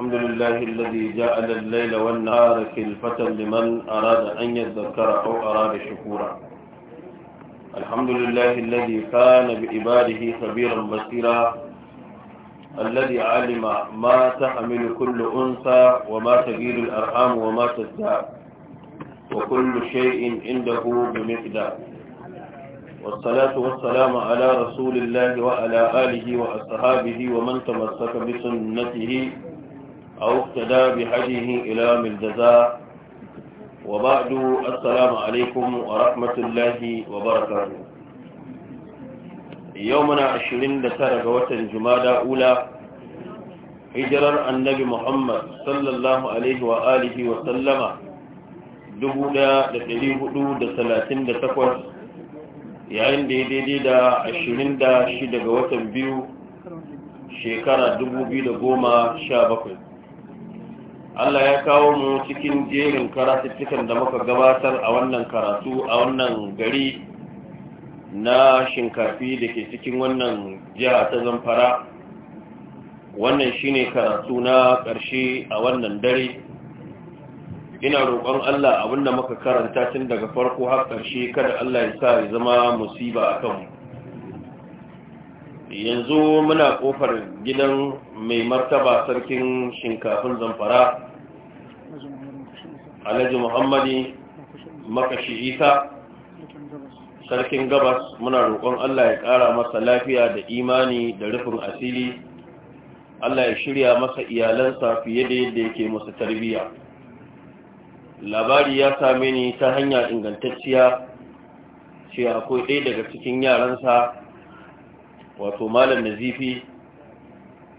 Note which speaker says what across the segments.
Speaker 1: الحمد لله الذي جعل الليل والنهار خلفة لمن أراد أن يذكر أو أراد شكورا الحمد لله الذي كان بإباده خبيرا بصيرا الذي علم ما تحمل كل أنثى وما تجيل الأرحام وما تزداد وكل شيء عنده بمقدار والصلاة والسلام على رسول الله وعلى آله وأصحابه ومن تمسك بسنته أو اقتدى بهديه إلى الجزاء وبعد السلام عليكم ورحمة الله وبركاته يومنا عشرين لسارة وطن جمادة أولى هجرر النبي محمد صلى الله عليه وآله وسلم دبودا لقليه دود سلاتين لتكوث yayin da ya daidai da ashirin da shida ga watan biyu shekara dubu biyu da goma sha bakwai Allah ya kawo mu cikin jerin karatuttukan da muka gabatar a wannan karatu a wannan gari na shinkafi da ke cikin wannan jiha ta zamfara wannan shi ne karatu na ƙarshe a wannan dare ina roƙon Allah abinda muka karanta tun daga farko har ƙarshe kada Allah ya sa ya zama musiba a kanmu yanzu muna kofar gidan mai martaba sarkin shinkafin zamfara alhaji muhammadi makashi isa sarkin gabas muna roƙon allah ya ƙara masa lafiya da imani da rufin asiri allah ya shirya masa iyalansa fiye da yadda yake masa tarbiyya labari ya same ni ta hanya ingantacciya ce akwai ɗaya daga cikin yaransa wato malam nazifi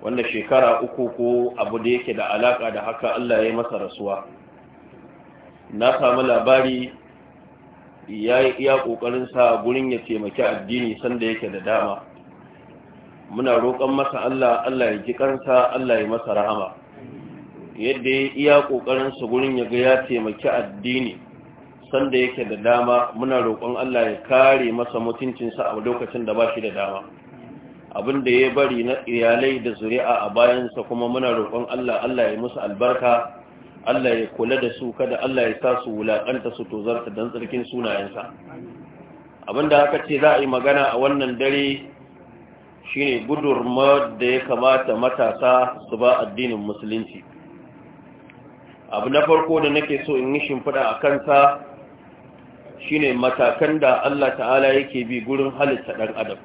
Speaker 1: wanda shekara uku ko abu da yake da alaka da haka Allah ya yi masa rasuwa na samu labari ya yi iya ƙoƙarinsa gurin ya taimaki addini sanda yake da dama muna roƙon masa Allah Allah ya ji kansa Allah ya masa rahama yadda ya iya ƙoƙarinsa gurin ya ga ya taimaki addini sanda yake da dama muna roƙon Allah ya kare masa mutuncinsa a lokacin da ba shi da dama abin da ya bari na iyalai da zuri'a a bayansa kuma muna roƙon Allah Allah ya musu albarka Allah ya kula da su kada Allah ya sa su wulaƙanta su tozarta don tsarkin sunayensa abin da aka ce za a yi magana a wannan dare shine gudurma da ya kamata matasa su ba addinin musulunci abu na farko da nake so in yi shimfiɗa a kansa shine matakan da Allah ta'ala yake bi gurin halitta ɗan adam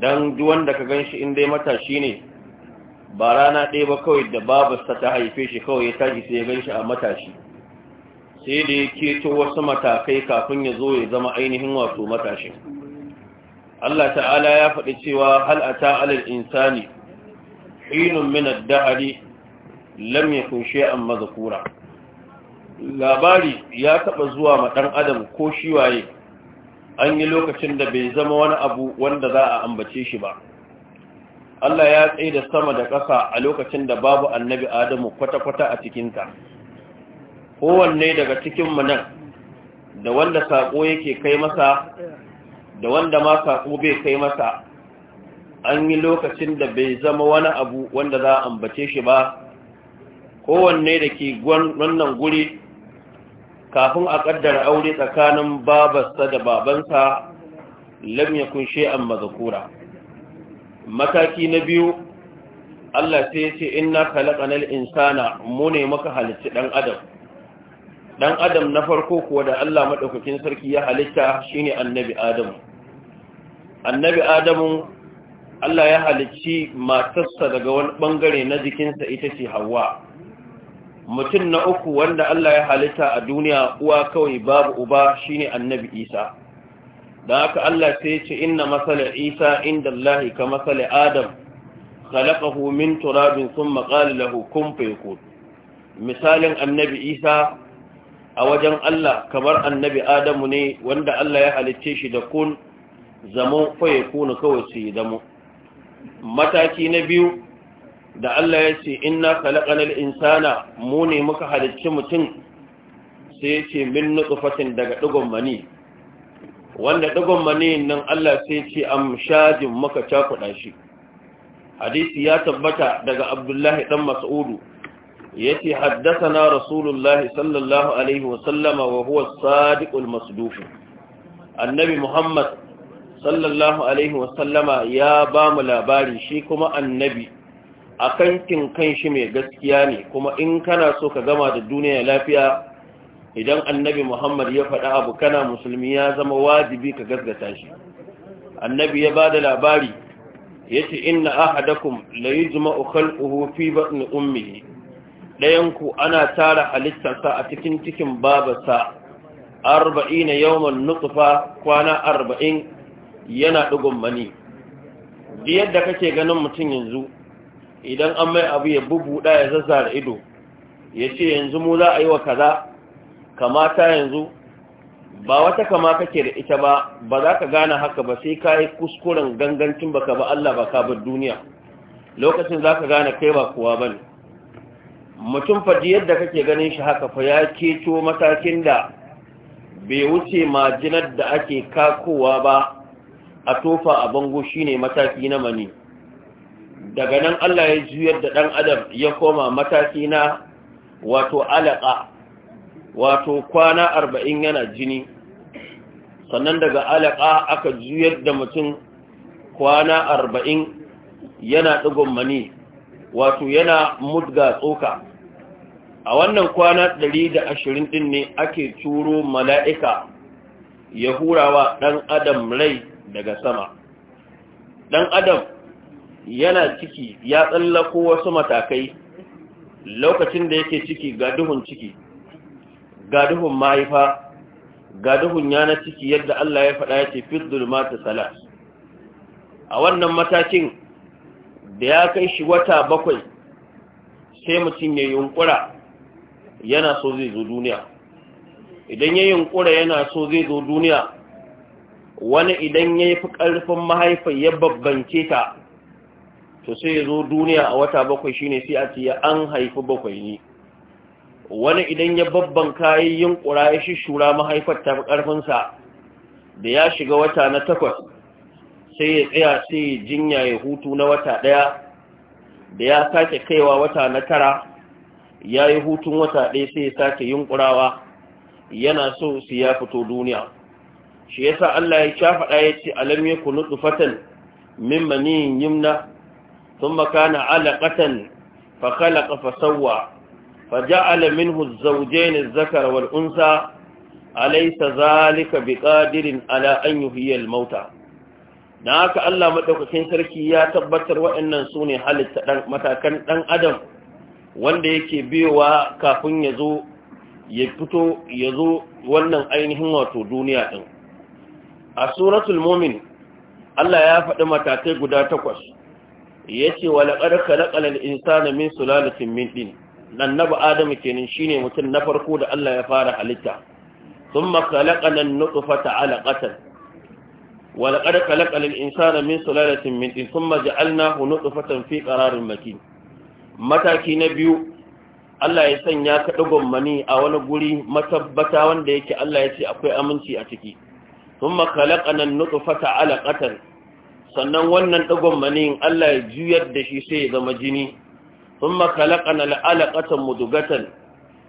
Speaker 1: don wanda ka gan shi inda matashi ne ba rana ɗaya ba kawai da babarsa ta haife shi kawai ya tashi sai ya gan shi a matashi sai da ya keto wasu matakai kafin ya zo ya zama ainihin wato matashi. Allah ta'ala ya faɗi cewa hal'ata alal insani hinun min ad-dahri lam yakun shay'an mazkura labari ya taɓa zuwa ma ɗan adam ko shi waye an yi lokacin da bai zama wani abu wanda za a ambace shi ba Allah ya tsaye da sama da ƙasa a lokacin da babu annabi Adamu kwata-kwata a cikinta kowanne daga cikinmu nan da wanda saƙo yake kai masa da wanda ma saƙo bai kai masa an yi lokacin da bai zama wani abu wanda za a ambace shi ba kowanne da ke wannan guri kafin a kaddara aure tsakanin babarsa da babansa lam yakun shay'an mazkura mataki na biyu Allah sai ya ce inna khalaqanal insana mu ne muka halitta dan adam dan adam na farko kuwa da Allah madaukakin sarki ya halitta shine annabi adam annabi adam Allah ya halicci matarsa daga wani bangare na jikinsa ita ce Hawwa mutum na uku wanda Allah ya halitta a duniya uwa kawai babu uba shine annabi Isa Da haka Allah sai ya ce inna masala Isa inda Allahi ka masala Adam khalaqahu min turabin sun qala lahu kun misalin annabi Isa a wajen Allah kamar annabi Adamu ne wanda Allah ya halicce shi da kun zamo fayakun kawai sai damu. mataki na biyu da Allah ya ce inna khalaqanal insana mu ne muka halicci mutum sai ya ce min nutfatin daga digon mani wanda digon mani nan Allah sai ya ce amshajin muka cakuɗa shi hadisi ya tabbata daga Abdullahi dan Mas'udu yace haddathana Rasulullahi sallallahu alaihi wa sallama wa huwa sadiqul masduq annabi Muhammad sallallahu alaihi wa sallama ya ba mu labari shi kuma annabi a kankin kan shi mai gaskiya ne kuma in kana so ka gama da duniya lafiya idan annabi muhammad ya faɗa abu kana musulmi ya zama wajibi ka gasgata shi annabi ya ba da labari ya ce inna ahadakum la yujma'u khalquhu fi ummi. ummihi ɗayanku ana tara halittarsa a cikin cikin babarsa arba'ina yawman nutfa kwana arba'in yana ɗigon mani yadda kake ganin mutum yanzu idan an mai abu ya bubuɗa ya zazzara ido ya ce yanzu mu za a yi wa kaza kamata yanzu ba wata kama ke da ita ba ba za ka gane haka ba sai ka yi kuskuren gangancin baka ba Allah ba ka bar duniya lokacin za ka gane kai ba kowa ba ne mutum faji yadda kake ganin shi haka fa ya keto matakin da bai wuce majinar da ake kakowa ba a tofa a bango shine mataki na mani daga nan Allah ya juyar da ɗan adam ya koma mataki na wato alaƙa wato kwana arba'in yana jini sannan daga alaƙa aka juyar da mutum kwana arba'in yana ɗigon mani wato yana mudga tsoka a wannan kwana ɗari da ashirin ɗin ne ake turo mala'ika ya hurawa ɗan adam rai daga sama ɗan adam yana ciki ya tsallako wasu matakai lokacin da yake ciki ga duhun ciki ga duhun mahaifa ga duhun yana ciki yadda Allah ya faɗa ya ce fiddul mata salas a wannan matakin da ya kai shi wata bakwai sai mutum ya yunkura yana so zai zo duniya idan ya yunkura yana so zai zo duniya wani idan ya yi fi ƙarfin mahaifa ya babbance ta to sai ya zo duniya a wata bakwai shine sai a ce an haifi bakwai ne wani idan ya babban yin ƙura ya shishura mahaifar ta ƙarfinsa da ya shiga wata na takwas sai ya tsaya sai ya jinya ya hutu na wata ɗaya da ya sake kaiwa wata na tara ya yi hutun wata ɗaya sai ya sake yunƙurawa yana so su ya fito duniya shi yasa Allah ya shafaɗa ya ce alam kunu tufatan min maniyin yimna ثم كان علقة فخلق فسوى فجعل منه الزوجين الذكر والأنثى أليس ذلك بقادر على أن يحيي الموتى da haka Allah madaukakin sarki ya tabbatar waɗannan su ne halitta matakan ɗan adam wanda yake biyowa kafin ya zo wannan ainihin wato duniya ɗin a suratul mumin Allah ya faɗi matakai guda takwas Ya ce wa laqad khalaqal insana min sulalatin min tin annabi adamu kenan ne mutum na farko da Allah ya fara halitta Sun thumma khalaqana an ta'ala 'alaqatan wa laqad khalaqal insana min sulalatin min ɗin tin thumma ja'alnahu nutfatan fi ƙararin maki. mataki na biyu Allah ya sanya ka digon mani a wani guri matabbata wanda yake Allah ya ce akwai aminci a ciki Sun thumma khalaqana an ta'ala 'alaqatan sannan wannan ɗagon maniyin Allah ya juyar da shi sai ya zama jini sun makalakan al'alakatan mudugatan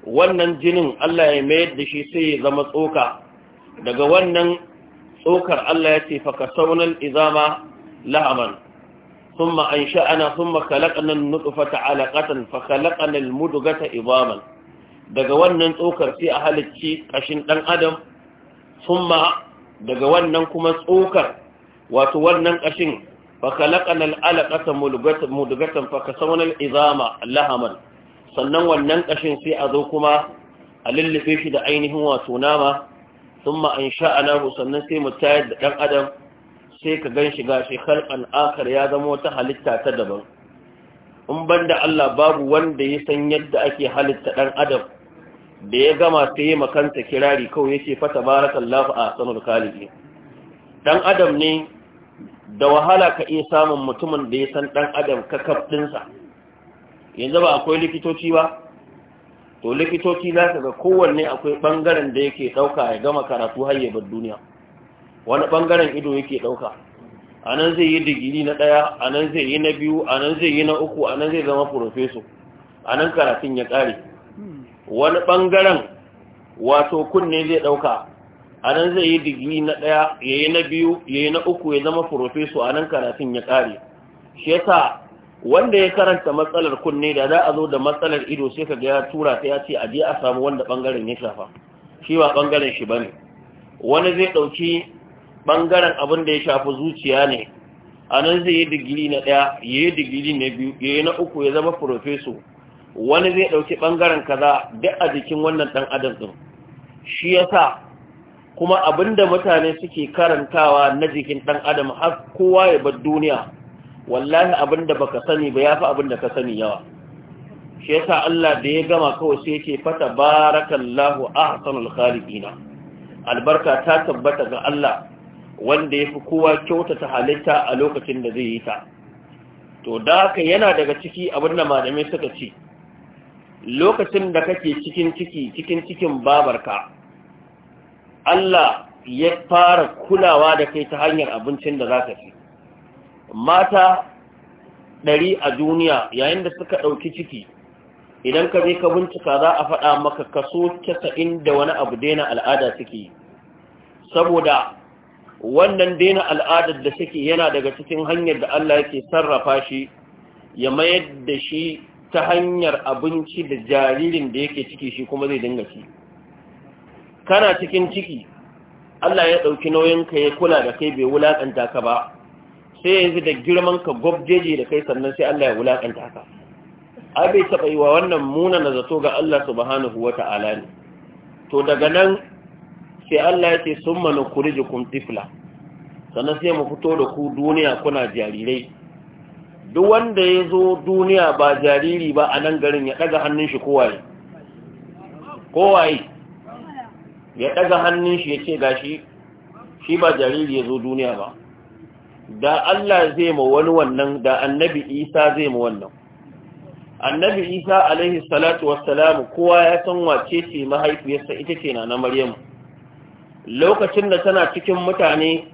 Speaker 1: wannan jinin Allah ya mayar da shi sai ya zama tsoka daga wannan tsokar Allah ya ce faka saunar izama lahaman sun ma'an sha'ana sun makalakanan nutufata alakatan fakalakanan mudugata izaman daga wannan tsokar sai a halicci ƙashin ɗan adam sun ma daga wannan kuma tsokar wato wannan kashin fa khalaqana al'alaqata mudghatan fa lahaman sannan wannan kashin sai a zo kuma a lullufe shi da ainihin wato nama thumma Alahu sannan sai mu tayar da ɗan adam sai ka gan shi gashi khalqan akhar ya zama wata halitta ta daban in banda Allah babu wanda ya san yadda ake halitta ɗan adam da ya gama sai makanta kirari kawai yake fa a sanar khaliqin Ɗan adam ne da wahala ka iya samun mutumin da ya san ɗan adam kakaf ɗinsa yanzu ba akwai likitoci ba to likitoci za ka ga kowanne akwai ɓangaren da yake ɗauka ya gama karatu har ya duniya wani ɓangaren ido yake ɗauka a nan zai yi digiri na ɗaya a nan zai yi na biyu a nan zai yi na uku a nan zai zama furofeso a nan karatun ya ƙare wani ɓangaren wato kunne zai ɗauka a nan zai yi digiri na ɗaya ya yi na biyu ya yi na uku ya zama furofeso a nan karatun ya ƙare shi yasa wanda ya karanta matsalar kunne da za a zo da matsalar ido sai ka ga ya tura ta ya ce a je a samu wanda ɓangaren ya shafa shi ba ɓangaren shi ba ne wani zai ɗauki ɓangaren abin da ya shafi zuciya ne a nan zai yi digiri na ɗaya ya yi digiri na biyu ya yi na uku ya zama furofeso wani zai ɗauki ɓangaren kaza duk a jikin wannan ɗan adam ɗin shi yasa kuma abinda mutane suke karantawa na jikin ɗan adam har kowa ya bar duniya wallahi abinda baka sani ba yafi abinda ka sani yawa shi yasa Allah da ya gama kawai sai yake fata barakallahu ahsanul khaliqina albarka ta tabbata ga Allah wanda yafi kowa kyautata halitta a lokacin da zai yi ta to da haka yana daga ciki abinda malamai suka ce lokacin da kake cikin ciki cikin cikin babarka Allah ya fara kulawa da kai ta hanyar abincin da za ka ci mata ɗari a duniya yayin da suka ɗauki ciki idan ka je ka bincika za a faɗa maka kaso casa'in da wani abu daina al'ada suke yi saboda wannan daina al'adar da suke yana daga cikin hanyar da Allah yake sarrafa shi ya mayar da shi ta hanyar abinci da jaririn da yake ciki shi kuma zai dinga ci kana cikin ciki Allah ya ɗauki nauyinka ya kula da kai bai wulaƙanta ka ba sai yanzu da girman ka gwabjeji da kai sannan sai Allah ya wulaƙanta ka a bai taɓa yi wa wannan muna na zato ga Allah subhanahu wa ta'ala ne to daga nan sai Allah ya ce sun mana kuriji kun tifla sannan sai mu fito da ku duniya kuna jarirai duk wanda ya zo duniya ba jariri ba a nan garin ya ɗaga hannun shi kowaye kowaye ya ɗaga hannun shi ya ce ga shi shi ba jariri ya zo duniya ba da Allah zai ma wani wannan da annabi isa zai ma wannan annabi isa alaihi salatu wassalamu kowa ya san wace ce mahaifiyarsa ita ce na maryam lokacin da tana cikin mutane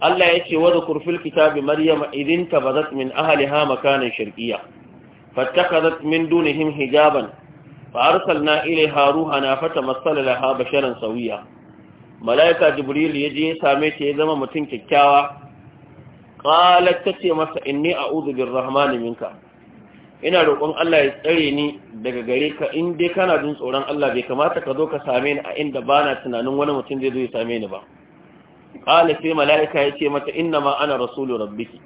Speaker 1: Allah ya ce wadda kurfil kitabi maryama idin bazat min ahliha makanan sharqiyya fattakhadhat min dunihim hijaban فأرسلنا إليها روحنا فتمثل لها بشرا سويا ملائكة جبريل يجي ساميت يزم متن ككاوة قالت تتي مسا إني أعوذ بالرحمن منك ina roƙon Allah ya tsare ni daga gare ka in dai kana jin tsoron Allah bai kamata ka zo ka same ni a inda bana tunanin wani mutum zai zo ya same ni ba qala sai malaika ya ce mata inna ma ana rasulu rabbiki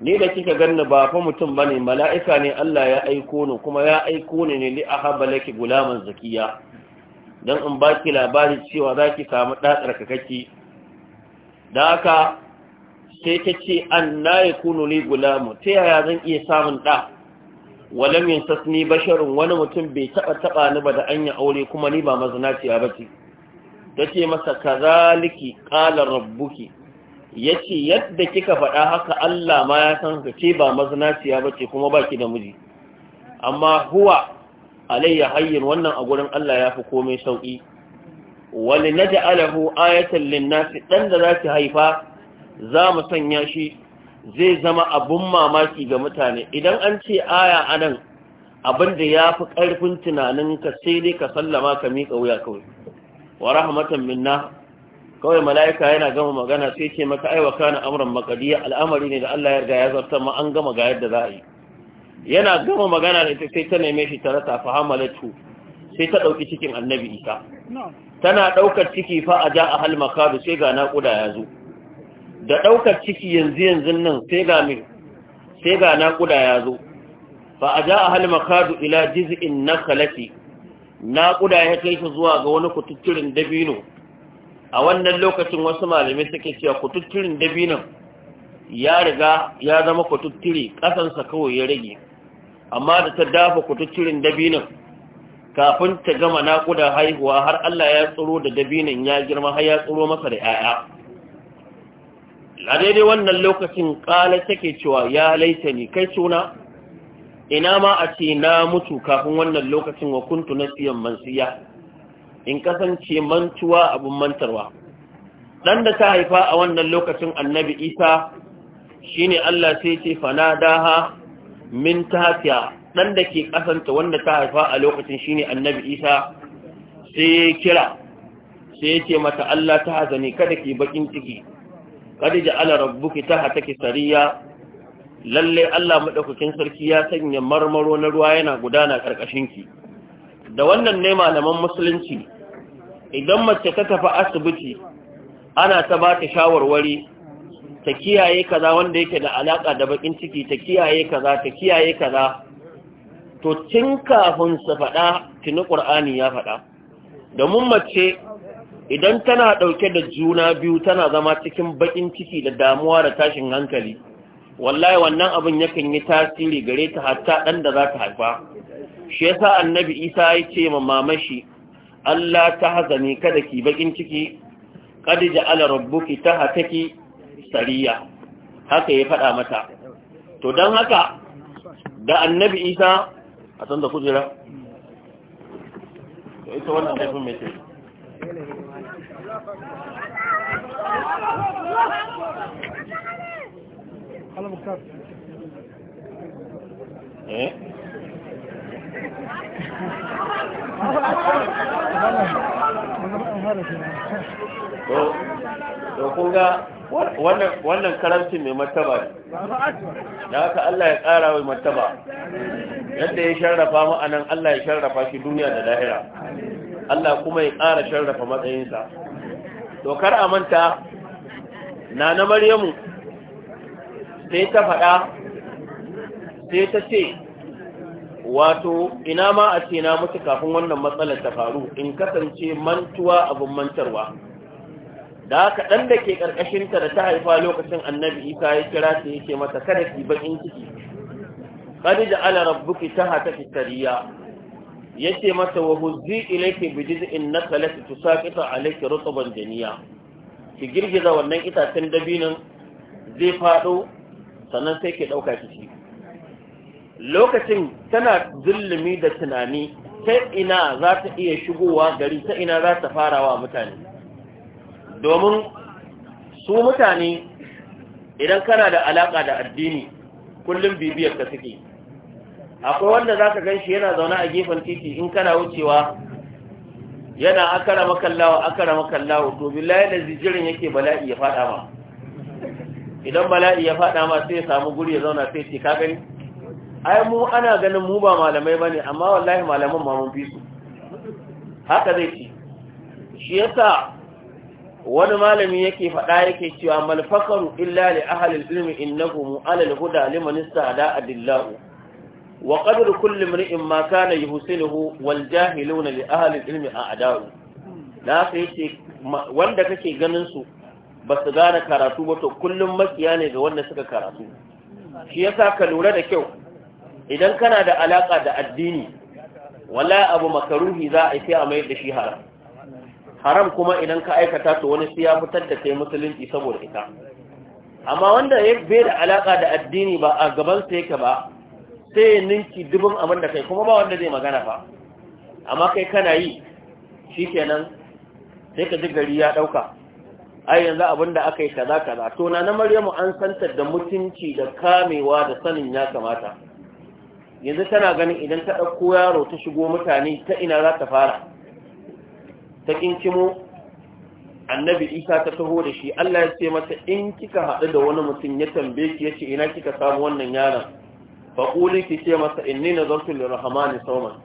Speaker 1: ni da kika ganna ba fa mutum bane mala'ika ne Allah ya aiko ni kuma ya aiko ni ne li ahaba laki gulaman zakiya dan in baki labari cewa zaki samu da kakaki. da haka sai ta ce an na yakunu li gulamu ta yaya zan iya samun da walam yansasni basharun wani mutum bai taba taba ni ba da anya aure kuma ni ba mazinaciya bace tace masa kazaliki qala rabbuki ya ce yadda kika faɗa haka Allah ma ya san ka ce ba mazinaciya ba ce kuma ba ki da miji amma huwa alayya hayyin wannan a gurin Allah ya fi komai sauƙi wani na alahu ayatan linnasi ɗan da za su haifa za mu sanya shi zai zama abun mamaki ga mutane idan an ce aya nan, abin da ya fi ƙarfin tunaninka sai dai ka sallama ka miƙa wuya kawai wa rahmatan minna kawai mala'ika yana gama magana sai ce maka aiwa kana amuran makadiyya al'amari ne da Allah ya riga ya zartar ma an gama ga yadda za a yi yana gama magana da ita sai ta neme shi ta rasa hamalatu sai ta dauki cikin annabi isa tana ɗaukar ciki fa a ja a hal makadu sai ga naƙuda ya zo da ɗaukar ciki yanzu yanzu nan sai ga min sai ga naƙuda ya zo fa a ja a hal makadu ila jiz'in nakhlati naƙuda ya kai shi zuwa ga wani kututturin dabino a wannan lokacin wasu malamai suke cewa kututturin dabinan ya riga ya zama kututturi kasansa kawai ya rage amma da ta dafa kututturin dabinan kafin ta gama naƙuda haihuwa har Allah ya tsoro da dabinan ya girma har ya tsoro masa da 'ya'ya a daidai wannan lokacin ƙala take cewa ya laita ni kai suna ina ma a ce na mutu kafin wannan lokacin wa kuntu na mansiya in kasance mantuwa abin mantarwa dan da ta haifa a wannan lokacin annabi isa shine Allah sai ce fanadaha min tahtiha dan da ke kasanta wanda ta haifa a lokacin shine annabi isa sai kira sai ce mata Allah ta hazani kada ki bakin ciki kada ji ja'ala rabbuki take sariya lalle Allah maɗaukakin sarki ya sanya marmaro na ruwa yana gudana karkashin ki da wannan ne malaman musulunci idan mace ta tafi asibiti ana ta ba ta shawarwari ta kiyaye kaza wanda yake da alaka da bakin ciki ta kiyaye kaza ta kiyaye kaza to tun kafin su faɗa tuni ƙur'ani ya faɗa domin mace idan tana ɗauke da juna biyu tana zama cikin bakin ciki da damuwa da tashin hankali wallahi wannan abin yakan yi tasiri gare ta hatta ɗan da za ta haifa shi yasa annabi isa ya ce ma mamashi Allah ta hazani kada ki bakin ciki qad ja'ala rabbuki tahtaki sariya haka ya faɗa mata to dan haka da annabi Isa a san da kujera ita wannan laifin mai ce
Speaker 2: Eh? to
Speaker 1: kun ga wannan karancin mai martaba ne da haka Allah ya ƙara wa martaba yadda ya sharrafa mu Allah ya sharrafa shi duniya da lahira Allah kuma ya ƙara sharrafa matsayinsa to kar a manta na na Maryamu sai ta faɗa sai ta ce wato ina ma a ce na mutu kafin wannan matsalar ta faru in kasance mantuwa abin mantarwa da aka ɗan da ke ƙarƙashinta da ta haifa lokacin annabi isa ya kira ta yake mata kada ki bakin ciki qad ja'ala rabbuki ki tariya yace mata wa huzzi ilayki bi jiz'in nakalati tusaqitu alayki rutban janiya ki girgiza wannan itacen dabinin zai faɗo sannan sai ki ɗauka ki ciki lokacin tana zulumi da tunani ta ina za ta iya shigowa gari ta ina za ta farawa mutane domin su mutane idan kana da alaka da addini kullum bibiyar ka suke akwai wanda za ka gan shi yana zaune a gefen titi in kana wucewa yana akara makallawa akara makallawa to billahi da zijirin yake bala'i ya fada ma idan bala'i ya fada ma sai ya samu guri ya zauna sai ce ka gani ai mu ana ganin mu ba malamai bane amma wallahi malaman ma mun fi su haka zai ci shi yasa wani malami yake faɗa yake cewa malfakaru illa li al ilmi innahu al huda liman istada adillahu wa qadru kulli mri'in ma kana yuhsinuhu wal jahiluna li al ilmi a'da'u na sai yake wanda kake ganin su ba su gane karatu ba to kullum makiya ne ga wanda suka karatu shi yasa ka lura da kyau idan kana da alaka da addini wala abu makaruhi za a fi a mai da shi haram haram kuma idan ka aikata to wani siya ya fitar da kai musulunci saboda ita amma wanda ya bai da alaka da addini ba a gaban sa yake ba sai ya ninki dubin abin da kai kuma ba wanda zai magana fa amma kai kana yi shi shikenan sai ka ji gari ya ɗauka. ai yanzu abin aka yi kaza kaza to na na Maryamu an santar da mutunci da kamewa da sanin ya kamata yanzu tana ganin idan ta ɗauko yaro ta shigo mutane ta ina za ta fara ta kinkimo annabi isa ta taho da shi allah ya ce mata in kika haɗu da wani mutum ya tambaye ki ya ce ina kika samu wannan yaron faƙuli ki ce masa inni na zartu lirrahmani sauman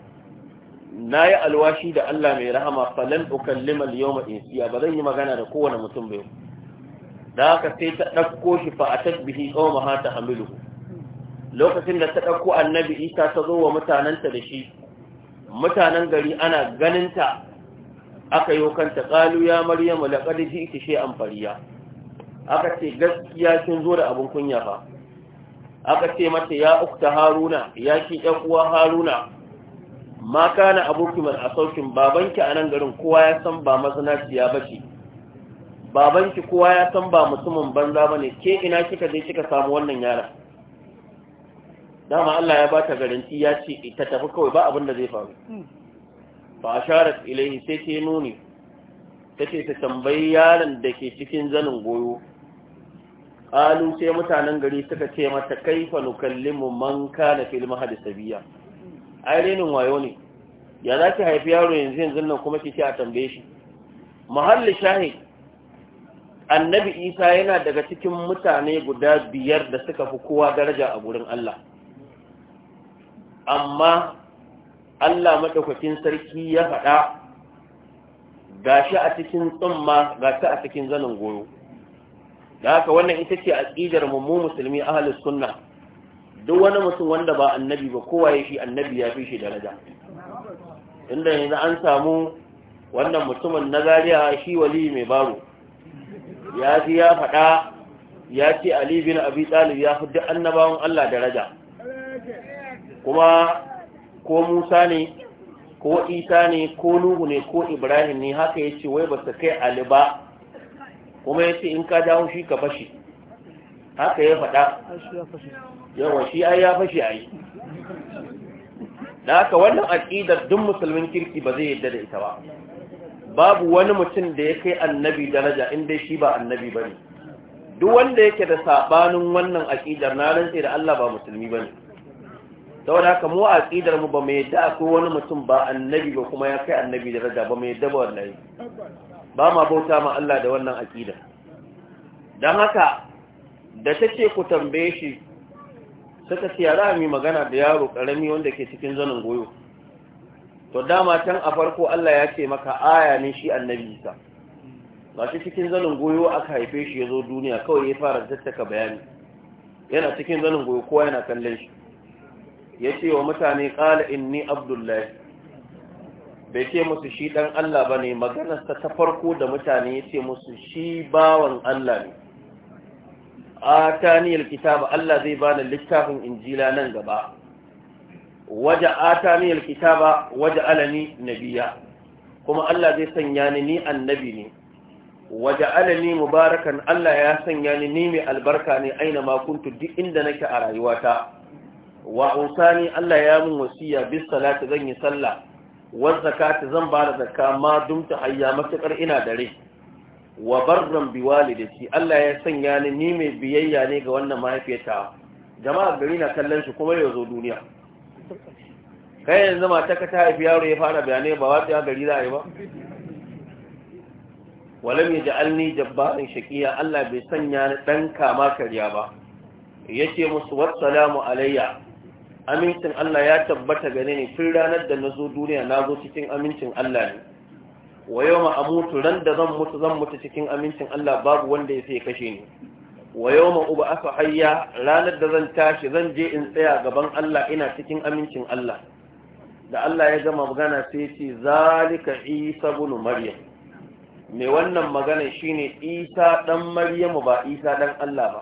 Speaker 1: na yi alwashi da allah mai rahama falan ukallima al insiya ba zan yi magana da kowane mutum ba da haka sai ta ɗauko shi fa a tasbihi tsawon ma ta hamiluhu lokacin da ta ɗauko annabi isa ta zo wa mutanenta da shi mutanen gari ana ganinta aka yi kanta ƙalu ya maryamu laƙar ji ita she amfariya aka ce gaskiya sun zo da abin kunya fa aka ce mata ya ukta haruna ya ki uwa haruna ma kana abokin a saukin babanki a nan garin kowa ya san ba mazinaciya ba ce babanki kowa ya san ba mutumin banza ba ne ke ina kika je kika samu wannan yaran dama Allah ya bata garanti ya ce ita tafi kawai ba abin da zai faru Ba a sharar ilai sai ta nuni Ta ce ta tambayi yaron da ke cikin zanin goyo ƙalu sai mutanen gari suka ce mata kaifa nukallimu man na fil mahad sabiya ai renin wayo ne ya za ki haifi yaro yanzu yanzu nan kuma ke ce a tambaye shi mahalli Shahi? annabi isa yana daga cikin mutane guda biyar da suka fi kowa daraja a gurin Allah amma Allah madaukakin sarki ya faɗa gashi a cikin tsumma gashi a cikin zanin goyo da haka wannan ita ce a mu mu musulmi ahlus sunna duk wani mutum wanda ba annabi ba kowa ya shi annabi ya fi shi daraja inda yanzu an samu wannan mutumin na zariya shi wali mai baro ya ji ya faɗa ya ce ali bin abi talib ya fi duk annabawan Allah daraja kuma ko musa ne ko isa ne ko nuhu ne ko ibrahim ne haka ya ce wai ba su kai ali ba kuma ya ce in ka dawo shi ka fashi haka ya faɗa yawan shi ai ya fashi a yi da haka wannan aƙidar duk musulmin kirki ba zai yadda da ita ba babu wani mutum da ya kai annabi daraja inda shi ba annabi ba ne duk wanda yake da saɓanin wannan aƙidar na rantse da Allah ba musulmi ba ne saboda haka mu a tsidar mu ba mai yadda akwai wani mutum ba annabi ba kuma ya kai annabi da daraja ba mai yadda ba yi. ba ma bauta ma Allah da wannan aqida dan haka da take ku tambaye shi suka ce mi magana da yaro karami wanda ke cikin zanin goyo to dama can a farko Allah ya ce maka aya ne shi annabi sa ba shi cikin zanin goyo aka haife shi ya zo duniya kawai ya fara tattaka bayani yana cikin zanin goyo kowa yana kallon shi ya ce wa mutane ƙala inni abdullahi bai ce musu shi ɗan Allah ba ne maganarsa ta farko da mutane ya ce musu shi bawan Allah ne a taniyar kitaba Allah zai bani littafin injila nan gaba waje a taniyar kitaba waje alani nabiya kuma Allah zai sanya ni ni annabi ne waje alani mubarakan Allah ya sanya ni ni mai albarka ne aina makuntu duk inda nake a rayuwata wa usani Allah ya mun wasiya bis salati zan yi sallah wa zakati zan ba da zakka ma dumta hayya matakar ina da rai wa barran bi walidati Allah ya sanya ni ni mai biyayya ne ga wannan mahaifiyata jama'a gari na kallon shi kuma yazo duniya kai yanzu mata ka ta haifi yaro ya fara bayanai ba wata gari za a yi ba walam yaj'alni jabbarin Allah bai sanya ni dan kama karya ba Yace musu salamu alayya amincin Allah ya tabbata gane ne tun ranar da na zo duniya na zo cikin amincin Allah ne wa yau ma'amutu ran da zan mutu zan mutu cikin amincin Allah babu wanda ya sai kashe ni wa yau ma'uba aka hayya ranar da zan tashi zan je in tsaya gaban Allah ina cikin amincin Allah da Allah ya gama magana sai ce zalika isa bin maryam mai wannan magana shine isa ɗan maryamu ba isa dan Allah ba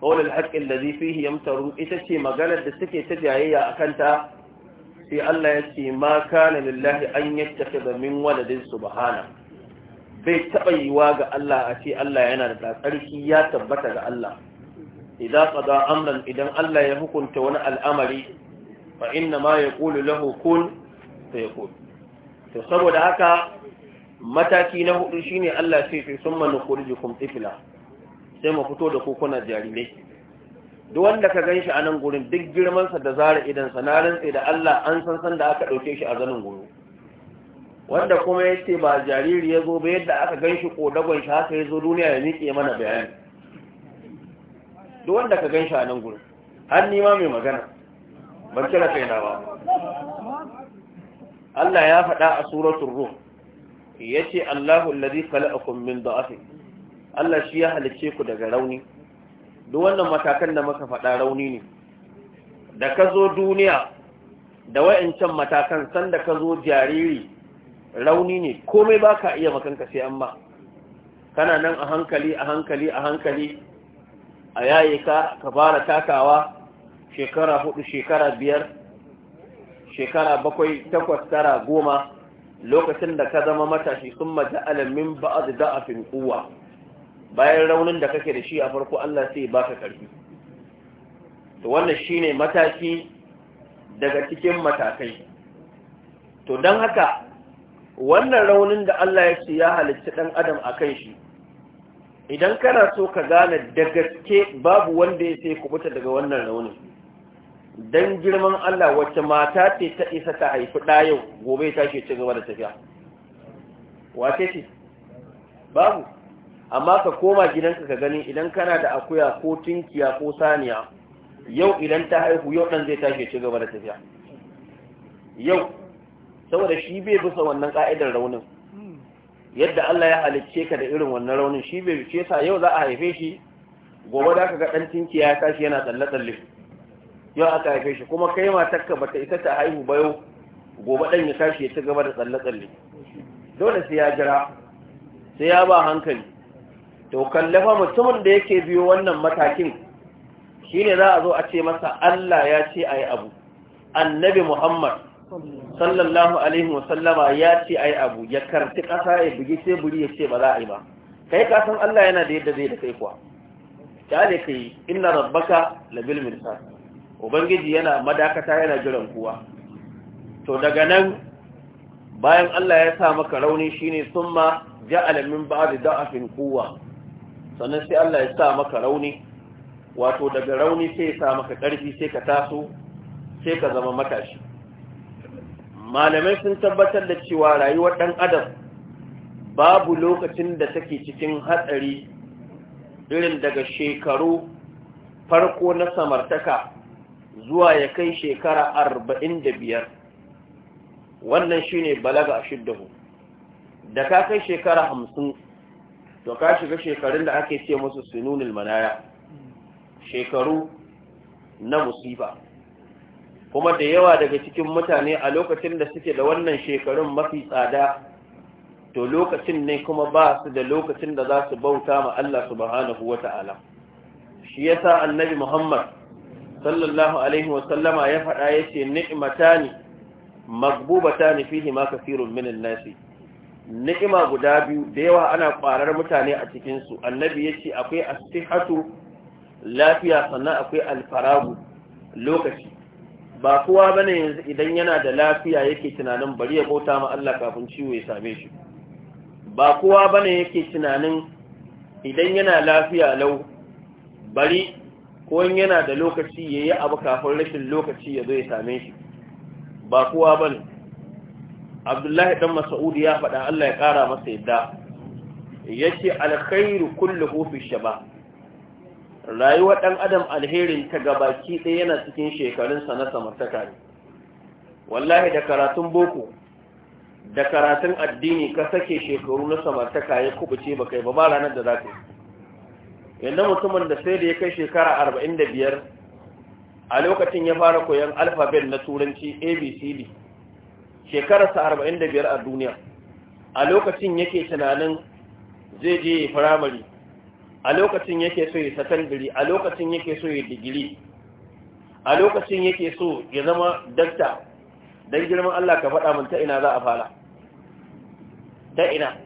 Speaker 1: kawai alhakin da zai fiye yamtaru ita ce maganar da suke ta jayayya a kanta sai Allah ya ce ma kanan lallahi an yadda ka zamin wadadin su bahana bai taɓa yi ga Allah a ce Allah yana da tsarki ya tabbata ga Allah idan tsada amlan idan Allah ya hukunta wani al'amari ba inna ma ya kulu lahu kun ta to saboda haka mataki na huɗu shine Allah sai sai sun manufurji kum tifila sai mu fito da kokuna jarirai duk wanda ka gan shi a nan gurin duk girmansa da zara idansa na rantse da Allah an san san da aka ɗauke shi a zanen guru wanda kuma ya ce ba jariri ya zo ba yadda aka gan shi ƙodagon shi haka ya zo duniya ya miƙe mana bayani duk wanda ka gan shi a nan gurin har nima mai magana ban kira na ba Allah ya faɗa a suratul rum yace Allahu allazi khalaqakum min da'afin Allah shi ya halicce ku daga rauni duk wannan matakan da muka faɗa rauni ne da ka zo duniya da wa'ancan matakan sanda ka zo jariri rauni ne komai ba ka iya makanka sai an ba kana nan a hankali a hankali a hankali a yaye ka ka fara takawa shekara hudu shekara biyar shekara bakwai takwas tara goma lokacin da ka zama matashi sun maja'alin min ba'ad da'afin kuwa bayan raunin da kake da shi a farko Allah sai baka ƙarfi. to wannan shine mataki daga cikin matakai to don haka wannan raunin da Allah ya ce ya halicci ɗan adam a kan shi idan kana so ka gane da gaske babu wanda ya sai kubuta daga wannan raunin don girman Allah wacce mata ce ta isa ta haifi ɗayau gobe ta ce ci gaba da tafiya wace ce babu amma ka koma gidanka ka gani idan kana da akuya ko tinkiya ko saniya yau idan ta haihu yau dan zai tashi ci gaba da tafiya yau saboda shi bai bisa wannan ka'idar raunin yadda Allah ya halicce ka da irin wannan raunin shi bai ce sa yau za a haife shi
Speaker 2: gobe da ka ga
Speaker 1: dan tinkiya ya tashi yana tsalle tsalle yau aka haife shi kuma kai matarka bata ita ta haihu ba yau gobe dan ya tashi ya ci gaba da tsalle tsalle dole sai ya jira sai ya ba hankali to kallafa mutumin da yake biyo wannan matakin shine za a zo a ce masa Allah ya ce yi abu annabi Muhammad sallallahu alaihi wasallama ya ce ayi abu ya karti ƙasa ya bugi sai buri ya ce ba za a yi ba kai kasan Allah yana da yadda zai da kai kuwa kyale yi ina rabbaka labil mirsad ubangiji yana madakata yana jiran kuwa to daga nan bayan Allah ya sa maka rauni shine summa ja'ala min ba'd da'afin kuwa. sannan sai Allah ya sa maka rauni wato daga rauni sai ya sa maka ƙarfi sai ka taso sai ka zama matashi malamai sun tabbatar da cewa rayuwar ɗan adam babu lokacin da take cikin hatsari irin daga shekaru farko na samartaka zuwa ya kai shekara arba'in da biyar wannan shine balaga a shiddahu da ka kai shekara hamsin to ka shiga shekarun da ake ce musu sununul manaya shekaru na musiba kuma da yawa daga cikin mutane a lokacin da suke da wannan shekarun mafi tsada to lokacin ne kuma ba su da lokacin da za su bauta ma Allah subhanahu wa ta'ala shi yasa annabi Muhammad sallallahu alaihi wa sallama ya faɗa yace ni'matani ta fihi himaka kathirun minin nasi ni'ima guda biyu da yawa ana kwarar mutane a cikinsu annabi ya ce akwai asihatu lafiya sannan akwai alfaragu lokaci ba kowa bane yanzu idan yana da lafiya yake tunanin bari ya bauta ma Allah kafin ciwo ya same shi ba kowa bane yake tunanin idan yana lafiya lau bari ko yana da lokaci yayi abu kafin rashin lokaci ya zo ya same shi ba kowa bane abdullahi dan mas'ud ya faɗa Allah ya ƙara masa yadda yace alkhairu kulluhu fi shaba rayuwar dan adam alherin ta gabaki ɗaya yana cikin shekarunsa na samartaka ne wallahi da karatun boko da karatun addini ka sake shekaru na samartaka ya kubuce ba kai ba ba ranar da za ka yi yadda mutumin da sai da ya kai shekara arba'in da biyar a lokacin ya fara koyon alfabet na turanci abcd shekararsa arba'in da biyar a duniya a lokacin yake tunanin zai je firamare a lokacin yake so ya sakandiri a lokacin yake so ya digiri a lokacin yake so ya zama dakta don girman Allah ka faɗa mun ta ina za a fara ta ina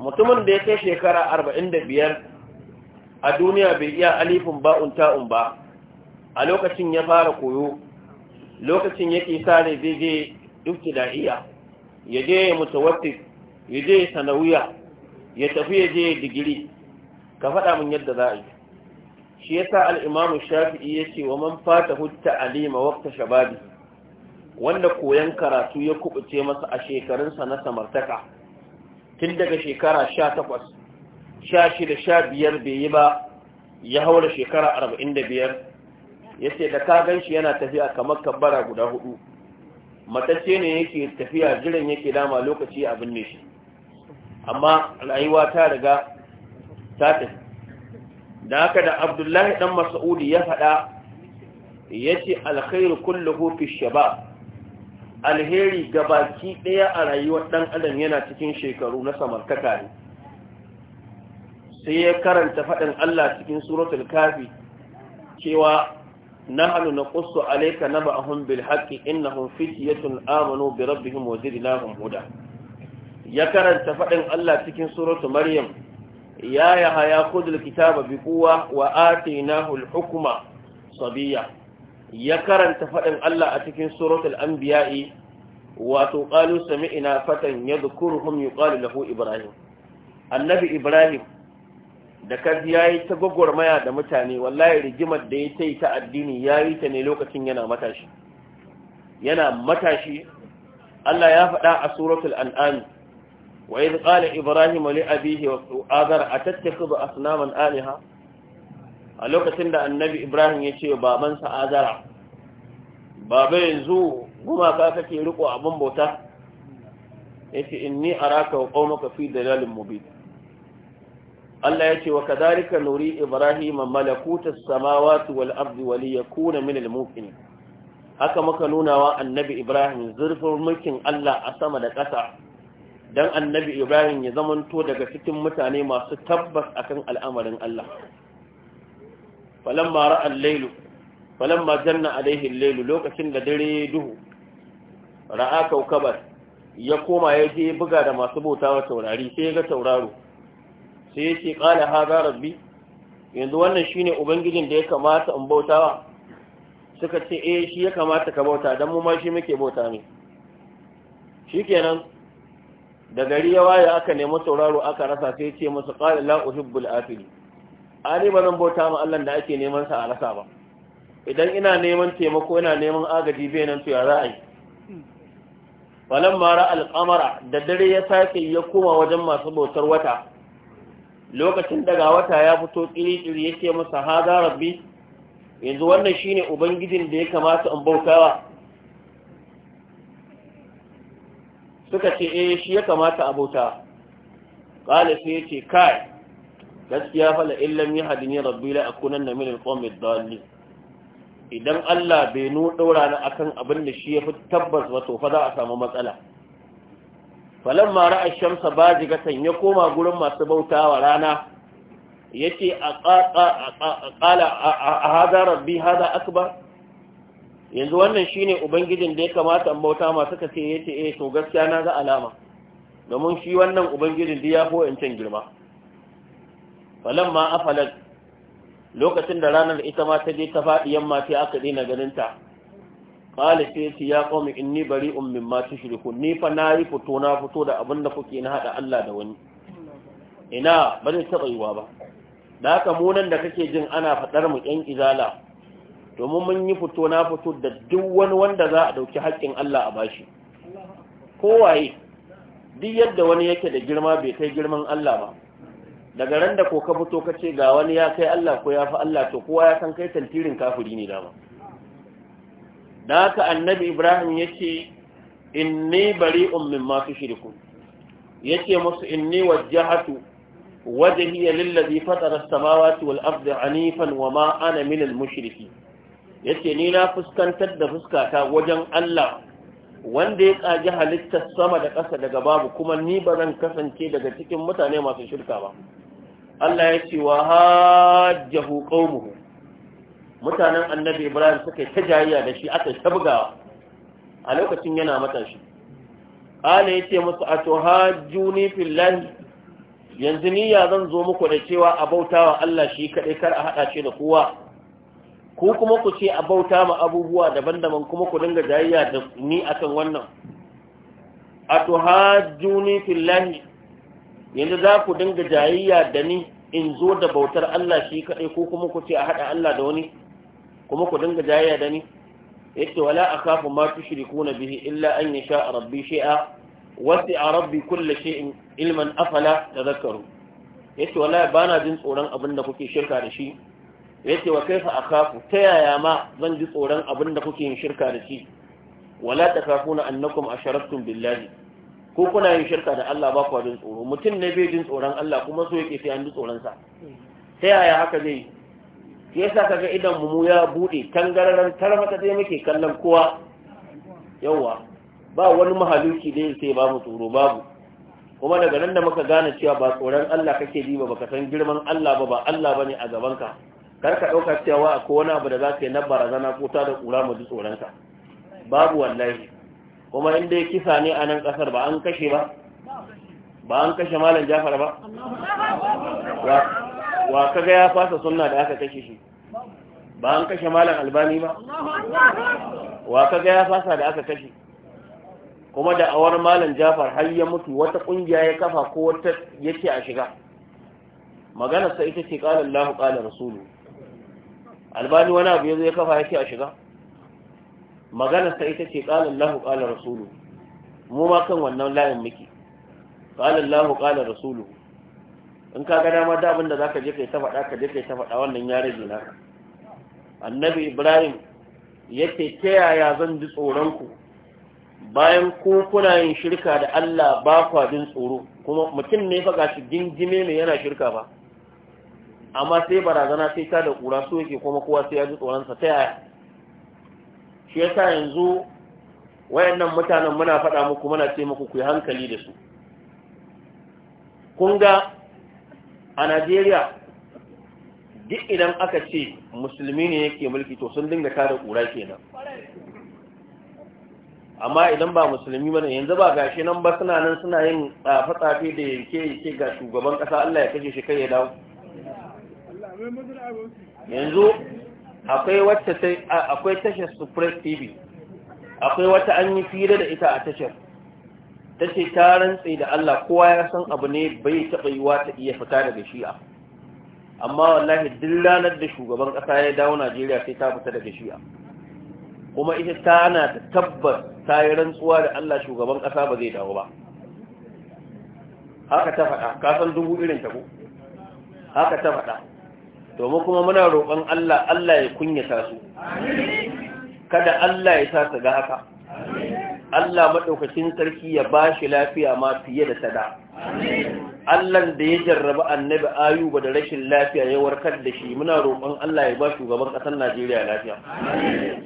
Speaker 1: mutumin da ya kai shekara arba'in da biyar a duniya bai iya alifin ba'un ta'un ba a lokacin ya fara koyo lokacin yake sa ne zai je ibtida'iyya ya je ya mutawatti ya je sanawiya ya tafi ya je digiri ka faɗa min yadda za a yi shi yasa al-imam shafi'i yace wa man fata hutta alima waqta shababi wanda koyan karatu ya kubuce masa a shekarunsa na samartaka tun daga shekara sha 18 sha biyar bai yi ba ya haura shekara arba'in da 45 yace da ka ganshi yana tafiya kamar kabbara guda hudu matacce ne yake tafiya jiran yake dama lokaci abin ne shi amma rayuwa ta riga ta tafi da haka da abdullahi dan mas'udi ya faɗa yace alkhairu kulluhu fi shabab alheri ga baki ɗaya a rayuwar ɗan adam yana cikin shekaru na samarkaka ne sai ya karanta faɗin Allah cikin suratul kafi cewa nahnu naqussu alayka naba'ahum bil haqqi innahum fityatun amanu bi rabbihim wa zidnahum huda ya karanta faɗin Allah cikin suratu maryam ya yahaya khudul kitaba bi quwwa wa atainahu al hukma sabiya ya karanta faɗin Allah a cikin suratul anbiya'i wato qalu sami'na fatan yadhkuruhum yuqalu lahu ibrahim annabi ibrahim da kaji ya yi ta gwagwarmaya da mutane wallahi rigimar da ya ta yi ta addini ya yi ta ne lokacin yana matashi yana matashi Allah ya faɗa a suratul an'am wa idh qala ibrahim li abihi wa azar atattakhidhu asnaman alaha a lokacin da annabi ibrahim ya ce babansa azara baba yanzu gumaka kake riko abin bauta yace inni araka wa qaumaka fi dalalin mubin Allah ya ce wa kadhalika nuri ibrahim malakuta samawati wal ardi wa liyakuna min al haka muka nuna wa annabi ibrahim zurfin mulkin Allah a sama da ƙasa dan annabi ibrahim ya zamanto daga cikin mutane masu tabbas akan al'amarin Allah falamma ra'a al-lailu falamma janna alaihi al-lailu lokacin da dare duhu ra'a kaukabar ya koma ya je buga da masu bautawa taurari sai ya ga tauraro sai yace qala haza, rabbi yanzu wannan shine ubangijin da ya kamata in bautawa suka ce eh shi ya kamata ka bauta dan mu ma shi muke bauta ne shikenan da gari ya waye aka nemi tauraro aka rasa sai ce musu qala la uhibbul afili ani ba zan bauta ma Allah da ake neman sa a rasa ba idan ina neman taimako ina neman agaji bai nan to ya za a yi mara alƙamara da dare ya sake ya koma wajen masu bautar wata lokacin daga wata ya fito tsiri-tsiri ya ce masa haza rabbi yanzu wannan shine ubangijin da ya kamata in bautawa suka ce eh shi ya kamata a bauta ƙalif ya yace kai gaskiya illan yi illam yahdini rabbi la kunan na milin ƙomit dallin idan Allah bai nuna daura na akan abin da shi ya fi tabbas wato fa za a samu matsala falamma ra'a shamsa bajigatan ya koma gurin masu bautawa rana yace a qala a hada rabbi hada akbar yanzu wannan shine ubangijin da ya kamata an bauta ma suka ce yace eh to gaskiya na ga alama domin shi wannan ubangijin da ya fo can girma a afalat lokacin da ranar ita ma ta je ta faɗi yamma sai aka daina ganinta qala sai ce ya qaumi inni bari'un mimma tushrikun ni fa na yi fito na fito da abin da kuke na haɗa Allah da wani ina ba zai taba yiwa ba da haka mu nan da kake jin ana fadar mu yan izala domin mun yi fito na fito da duk wani wanda za a ɗauki haƙƙin Allah a bashi kowaye duk yadda wani yake da girma bai kai girman Allah ba daga ran da ko ka fito ka ce ga wani ya kai Allah ko ya fi Allah to kowa ya san kai tantirin kafiri ne dama da haka annabi ibrahim ya ce inni bari ummin masu shirku ya ce musu inni wajahatu wajahiyya lillazi fatara samawati wal ardi hanifan wa ma ana min al mushriki yace ni na fuskantar da fuskata wajen Allah wanda ya kaji halittar sama da ƙasa daga babu kuma ni ba zan kasance daga cikin mutane masu shirka ba Allah ya ce wa hajjahu qaumuhu mutanen annabi ibrahim suka yi ta jayayya da shi aka tabgawa a lokacin yana matashi ƙala ya ce musu a juni fillahi yanzu ni ya zan zo muku da cewa a bautawa Allah shi kaɗai kar a haɗa ce da kowa ku kuma ku ce a bauta ma abubuwa daban-daban kuma ku dinga jayayya da ni akan wannan a juni fillahi yanzu za ku dinga jayayya da ni in zo da bautar Allah shi kaɗai ko kuma ku ce a haɗa Allah da wani kuma ku dinga jayayya da ni yace wala akhafu ma tushrikuna bihi illa an yasha rabbi shay'a wasi'a rabbi kulli shay'in ilman afala tadhakkaru yace wala bana jin tsoron abin da kuke shirka da shi yace wa kaifa akhafu ta yaya ma zan ji tsoron abin da kuke yin shirka da shi wala takafuna annakum asharaktum billahi ko kuna yin shirka da Allah ba ku jin tsoro mutum ne bai jin tsoron Allah kuma so yake sai an ji tsoron sa ta yaya haka zai yasa kaga idan mu ya bude tangararan tarmata dai muke kallon kowa yawa ba wani mahaluki da sai ba mu tsoro babu kuma daga nan da muka gane cewa ba tsoron Allah kake ji ba baka san girman Allah ba ba Allah bane a gaban ka kar ka dauka cewa akwai wani abu da za ka yi na barazana ko ta da kura mu ji tsoron ka babu wallahi kuma inda ya kisa ne a nan kasar ba an kashe ba ba an kashe malam Jafar
Speaker 2: ba wa kaga ya fasa sunna da aka
Speaker 1: kashe shi ba an kashe malam albani ba wa kaga ya fasa da aka kashe kuma da awar malam jafar har ya mutu wata kungiya ya kafa ko wata yake a shiga magana sai ita ce qala Allahu qala rasulu albani wani abu yazo ya kafa yake a shiga magana sai ita ce qala Allahu qala rasulu mu ma kan wannan layin muke qala Allahu qala rasulu in ka ga dama da abin da zaka je kai ta faɗa ka je kai ta faɗa wannan ya rage naka annabi ibrahim yake ta yaya zan ji tsoron ku bayan ku kuna yin shirka da Allah ba kwa jin tsoro kuma mutum ne fa gashi gingime ne yana shirka ba amma sai barazana sai ta da kura so yake kuma kowa sai ya ji tsoronsa ta yaya shi yasa yanzu wayannan mutanen muna faɗa muku muna ce muku ku yi hankali da su kun ga a najeriya duk idan aka ce musulmi ne yake mulki to sun dinga tada kura kenan amma idan ba musulmi mana, yanzu ba gashi nan ba suna nan suna yin tsafe-tsafe da yake yake ga shugaban kasa Allah ya kashe shi kai ya dawo
Speaker 2: yanzu akwai
Speaker 1: wacce akwai tashar Supreme TV akwai wata an yi fira da ita a tashar ta ce ta rantse da Allah kowa ya san abu ne bai taɓa yi wata iya fita daga shi'a amma wallahi duk ranar da shugaban ƙasa ya dawo Najeriya sai ta fita daga shi'a kuma ita ta da ta tabbas ta yi rantsuwa da Allah shugaban ƙasa ba zai dawo ba haka ta faɗa kasan dubu irin ta ko haka ta faɗa domin kuma muna roƙon Allah Allah ya kunyata su kada Allah ya sa ta ga haka Allah maɗaukacin sarki ya ba shi lafiya ma fiye da sada. Allahn da ya jarraba annabi ayuba da rashin lafiya ya warkar da shi muna roƙon Allah ya ba shugaban ƙasar Najeriya lafiya.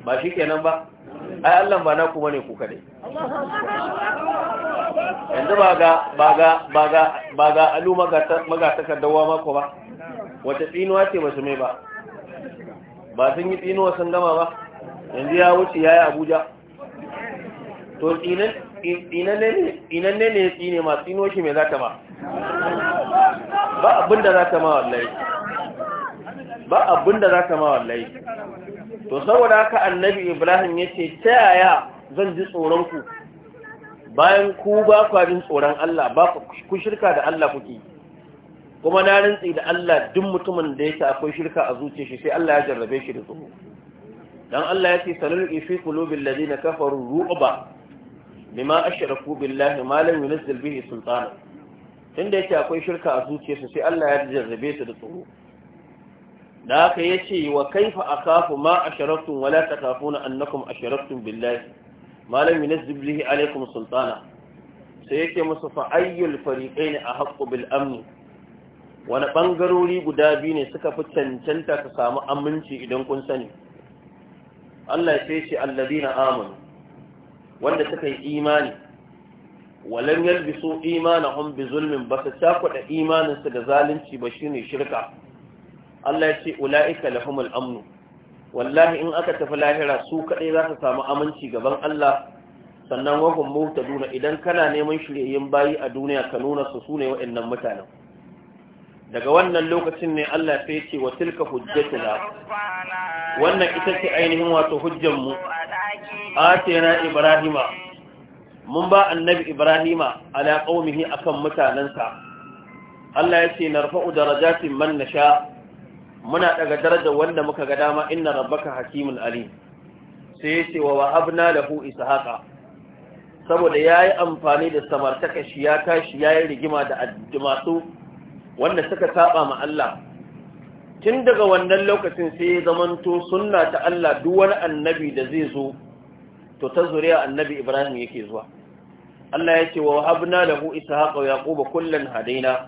Speaker 1: Ba shi kenan ba? Ai Allah ba na kuma ne ku kadai.
Speaker 2: Yanzu ba ga ba ga
Speaker 1: ba ga ba ga alu magatakardawa mako ba. Wata tsinuwa ce ba su mai ba. Ba sun yi tsinuwa sun gama ba. Yanzu ya wuce ya yi Abuja. to tsinanne ne ya tsine ma ino shi mai za ta ma
Speaker 2: ba abin da za ta ma wallahi ba abin da za ta ma wallahi to
Speaker 1: saboda haka annabi ibrahim ya ce ta yaya zan ji tsoronku bayan ku ba kwarin tsoron Allah ba ku shirka da Allah kuke kuma na rantsi da Allah duk mutumin da yake akwai shirka a zuciyar shi sai Allah ya jarrabe shi da tsoro dan Allah ya ce salul ifi qulubil ladina kafaru ru'ba bima ashraku billahi ma lam yunzil bihi sultana tunda yake akwai shirka a zuciyarsu sai Allah ya jarrabe su da tsoro da haka yace wa kaifa akafu ma ashraftum wala takafuna annakum ashraftum billahi ma lam yunzil bihi alaykum sultana sai yake musu fa ayyul fariqain ahqqu bil amn wani bangarori guda biyu ne suka fi cancanta ka samu aminci idan kun sani Allah ya ce shi alladina amanu wanda suka yi imani walan yalbisu imanahum bi zulmin ba su takwada imaninsu da zalunci ba shine shirka Allah ya ce ula'ika lahumul amnu wallahi in aka tafi lahira su kaɗai za su samu aminci gaban Allah sannan wahum mutaduna idan kana neman shiryayyen bayi a duniya ka nuna su sune waɗannan mutanen daga wannan lokacin ne Allah sai ce wa tilka hujjatuna wannan ita ce ainihin wato hujjanmu atina ibrahima mun ba annabi ibrahima ala qaumihi akan mutanansa Allah ya ce narfa'u darajatin man nasha muna daga darajar wanda muka ga dama inna rabbaka hakimun alim sai ya ce wa wahabna lahu ishaqa saboda yayi amfani da samartaka shi ya tashi yayi rigima da masu wanda suka saba ma Allah tun daga wannan lokacin sai ya zamanto sunna ta Allah duk wani annabi da zai zo to ta zuriya annabi Ibrahim yake zuwa Allah ya ce wa habna lahu ishaqa wa yaquba kullan hadaina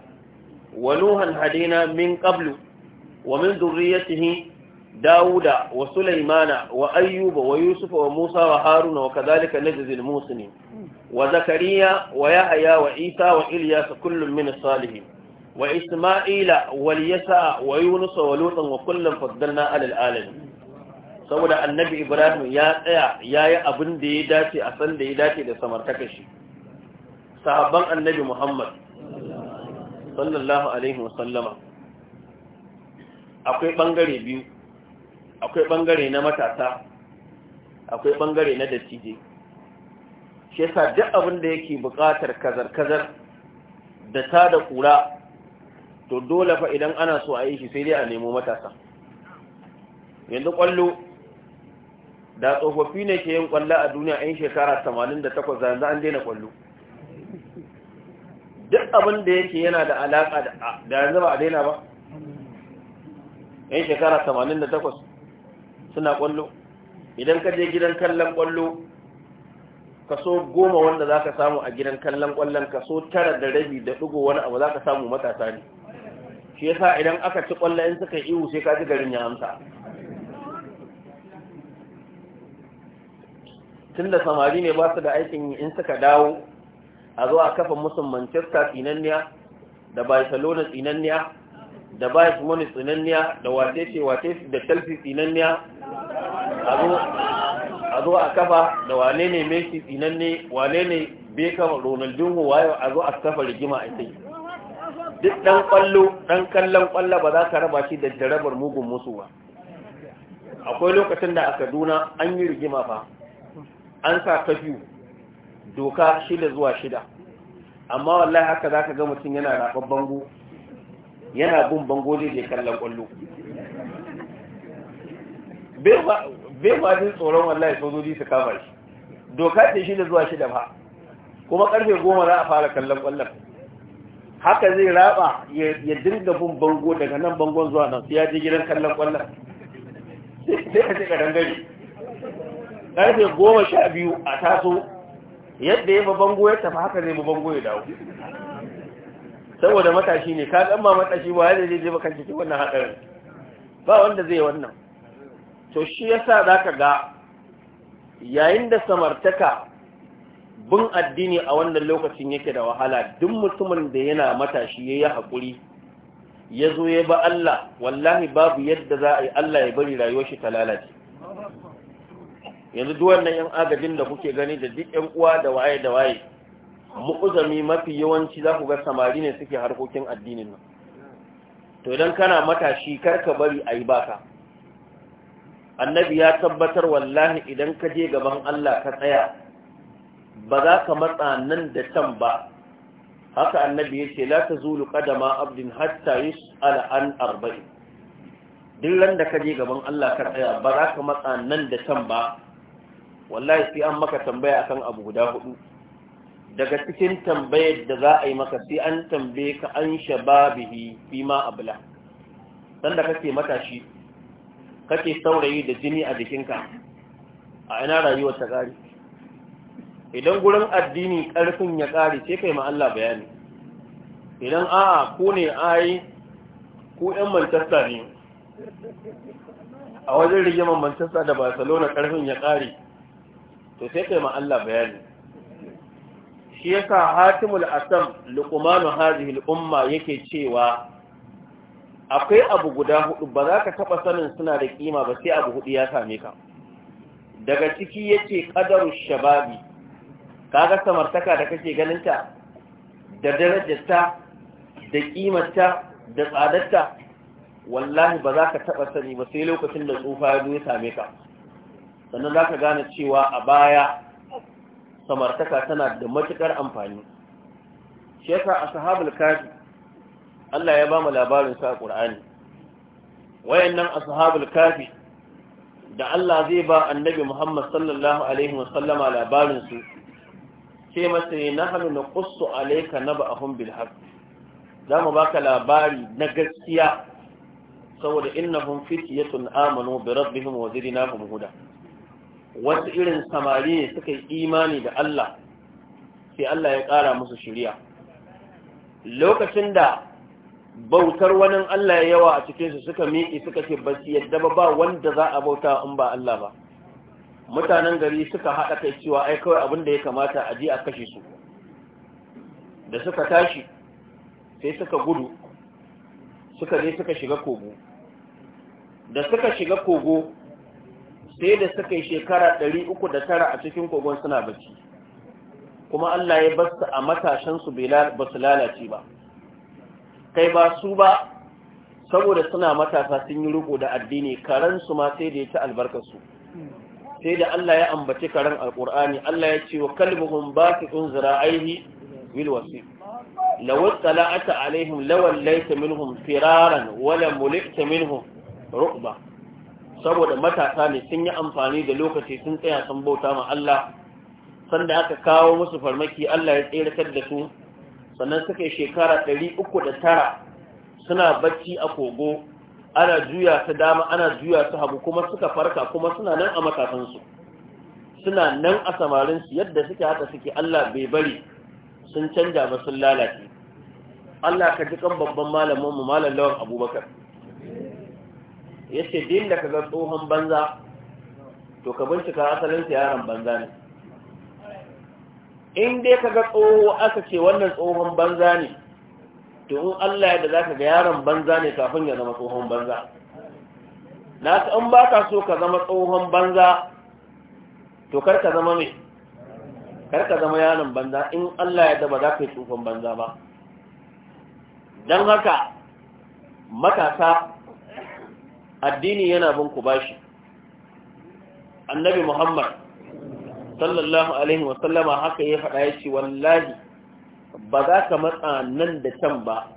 Speaker 1: wa nuhan hadaina min qablu wa min dhurriyyatihi dauda wa sulaimana wa ayyuba wa yusufa wa musa wa haruna wa kadhalika najzi muslimin wa zakariya wa yahya wa isa wa ilyas kullun min salihi. salihin wa isma'ila wal yasa wa yunus wa lutan wa kullum faddalna alal alamin saboda annabi ibrahim ya tsaya ya yi abin da ya dace a san da ya dace da samartaka shi sahabban annabi muhammad sallallahu alaihi wa sallama akwai bangare biyu akwai bangare na matasa akwai bangare na dattije shi yasa duk abin da yake buƙatar kazar-kazar da ta da kura to dole fa idan ana so a yi shi sai dai a nemo matasa yanzu kwallo da tsofaffi ne ke yin kwallo a duniya a yin shekara 88 zanzu an daina kwallo duk abin da yake yana da alaƙa da yanzu ba a daina ba yan shekara 88 suna kwallo idan ka je gidan kallon kwallo kaso goma wanda za ka samu a gidan kallon kwallon kaso tara da rabi da ɗigo wani abu za ka samu matasa ne shi yasa idan aka ci kwallo in suka ihu sai ka ji garin ya amsa tun da samari ne ba su da aikin in suka dawo a zuwa kafa musu manchester tsinanniya da barcelona tsinanniya da bayas moni tsinanniya da watece watece da chelsea tsinanniya a zo a kafa da wane ne messi tsinanni wane ne bekan ronaldinho wayo a zo a kafa rigima a sai
Speaker 2: duk ɗan ƙwallo
Speaker 1: ɗan kallon ƙwallo ba za ka raba shi da jarabar mugun musu ba akwai lokacin da a kaduna an yi rigima fa an sa kafiyu doka shida zuwa shida amma wallahi haka za ka ga mutum yana raɓar bango yana bin bango zai je kallon ƙwallo bai ma jin tsoron wallahi sojoji su kama shi doka ce shida zuwa shida ba kuma ƙarfe goma za a fara kallon ƙwallon haka zai raba ya dinga bin bango daga nan bangon zuwa nan ya je gidan kallon kwallon sai ka ce ka dangare ƙarfe goma sha biyu a taso yadda ya bango ya tafi haka zai bango ya dawo saboda matashi ne ka ɗan matashi ba yadda zai je baka cikin wannan haɗarin ba wanda zai wannan to shi yasa za ka ga yayin da samartaka bin addini a wannan lokacin yake da wahala duk mutumin da yana matashi yayi hakuri ya zo ya ba Allah wallahi babu yadda za a yi Allah ya bari rayuwar shi ta lalace yanzu duwannan yan agajin da kuke gani da duk yan uwa da waye da waye mu'uzami mafi yawanci za ku ga samari ne suke harkokin addinin nan to idan kana matashi kar ka bari a yi baka annabi ya tabbatar wallahi idan ka je gaban Allah ka tsaya ba za ka matsa nan da can ba haka annabi ya ce la ta zulu kadama abdin hatta yus'ala an arba'in Dillan da ka je gaban Allah ka tsaya ba za ka matsa nan da can ba wallahi sai an maka tambaya akan abu guda hudu daga cikin tambayar da za a yi maka sai an tambaye ka an shababihi fi ma abla dan da kake matashi kake saurayi da jini a jikinka a ina rayuwar ta gari idan gurin addini ƙarfin ya ƙare sai kai ma Allah bayani idan a'a ko ne ai ko ɗan Manchester ne a wajen rigimar Manchester da Barcelona ƙarfin ya ƙare to sai kai ma Allah bayani shi yasa Hatimul Asam Luqmanu hadhihi al-umma yake cewa akwai abu guda hudu ba za ka taba sanin suna da kima ba sai abu hudu ya same ka daga ciki yake ƙadar shababi Ka ga samartaka da kake ganinta da darajarta da kimarta da tsadarta wallahi ba za ka taɓa sani ba sai lokacin da tsufa ya zo ya same ka sannan za ka gane cewa a baya samartaka tana da matukar amfani shi yasa a sahabul kafi Allah ya ba mu labarin sa Qur'ani wayannan ashabul kafi da Allah zai ba annabi Muhammad sallallahu alaihi wasallama labarin su ce masa ya na hannu na kusu alaika na ba'ahun bilhaq za mu baka labari na gaskiya saboda innahum fitiyatun amanu bi rabbihim na zidnahum huda wasu irin samari ne suka yi imani da Allah sai Allah ya ƙara musu shiriya lokacin da bautar wani Allah ya yawa a cikinsu suka miƙe suka ce ba su yadda ba ba wanda za a bauta in ba Allah ba mutanen gari suka haɗa kai cewa ai kawai abin da ya kamata a ji a kashe su da suka tashi sai suka gudu suka je suka shiga kogo da suka shiga kogo sai da suka yi shekara ɗari uku da tara a cikin kogon suna bacci kuma Allah ya basu a matashansu ba su lalace ba kai ba su ba saboda suna matasa sun yi riko da addini karansu ma sai da ya ci albarkarsu sai da Allah ya ambaci karen alkur'ani Allah ya ce wa kalbuhum basitun zira'ihi bil wasif law tala'ata alaihim lawal laysa minhum firaran wala mulita minhum rukba saboda matasa ne sun yi amfani da lokaci sun tsaya sun bauta ma Allah sanda aka kawo musu farmaki Allah ya tseratar da su sannan suka yi shekara 309 suna bacci a kogo ana juya ta dama ana juya ta hagu kuma suka farka kuma suna nan a matakansu. suna nan a samarinsu yadda suke haka suke Allah bai bari sun canja ba sun lalace Allah ka ji kan babban malamin mu malam lawan Abubakar yace din da kaga tsohon banza to ka bincika asalin sa yaron banza ne in dai kaga tsoho aka ce wannan tsohon banza ne to in Allah ya zaka ga yaron banza ne kafin ya zama tsohon banza na ta in baka so ka zama tsohon banza to kar ka zama mai kar zama yaron banza in Allah ya ba za ka yi tsohon banza ba don haka matasa addini yana bin ku bashi annabi muhammad sallallahu alaihi wasallama haka ya faɗa ya ce wallahi ba za ka matsa nan da can ba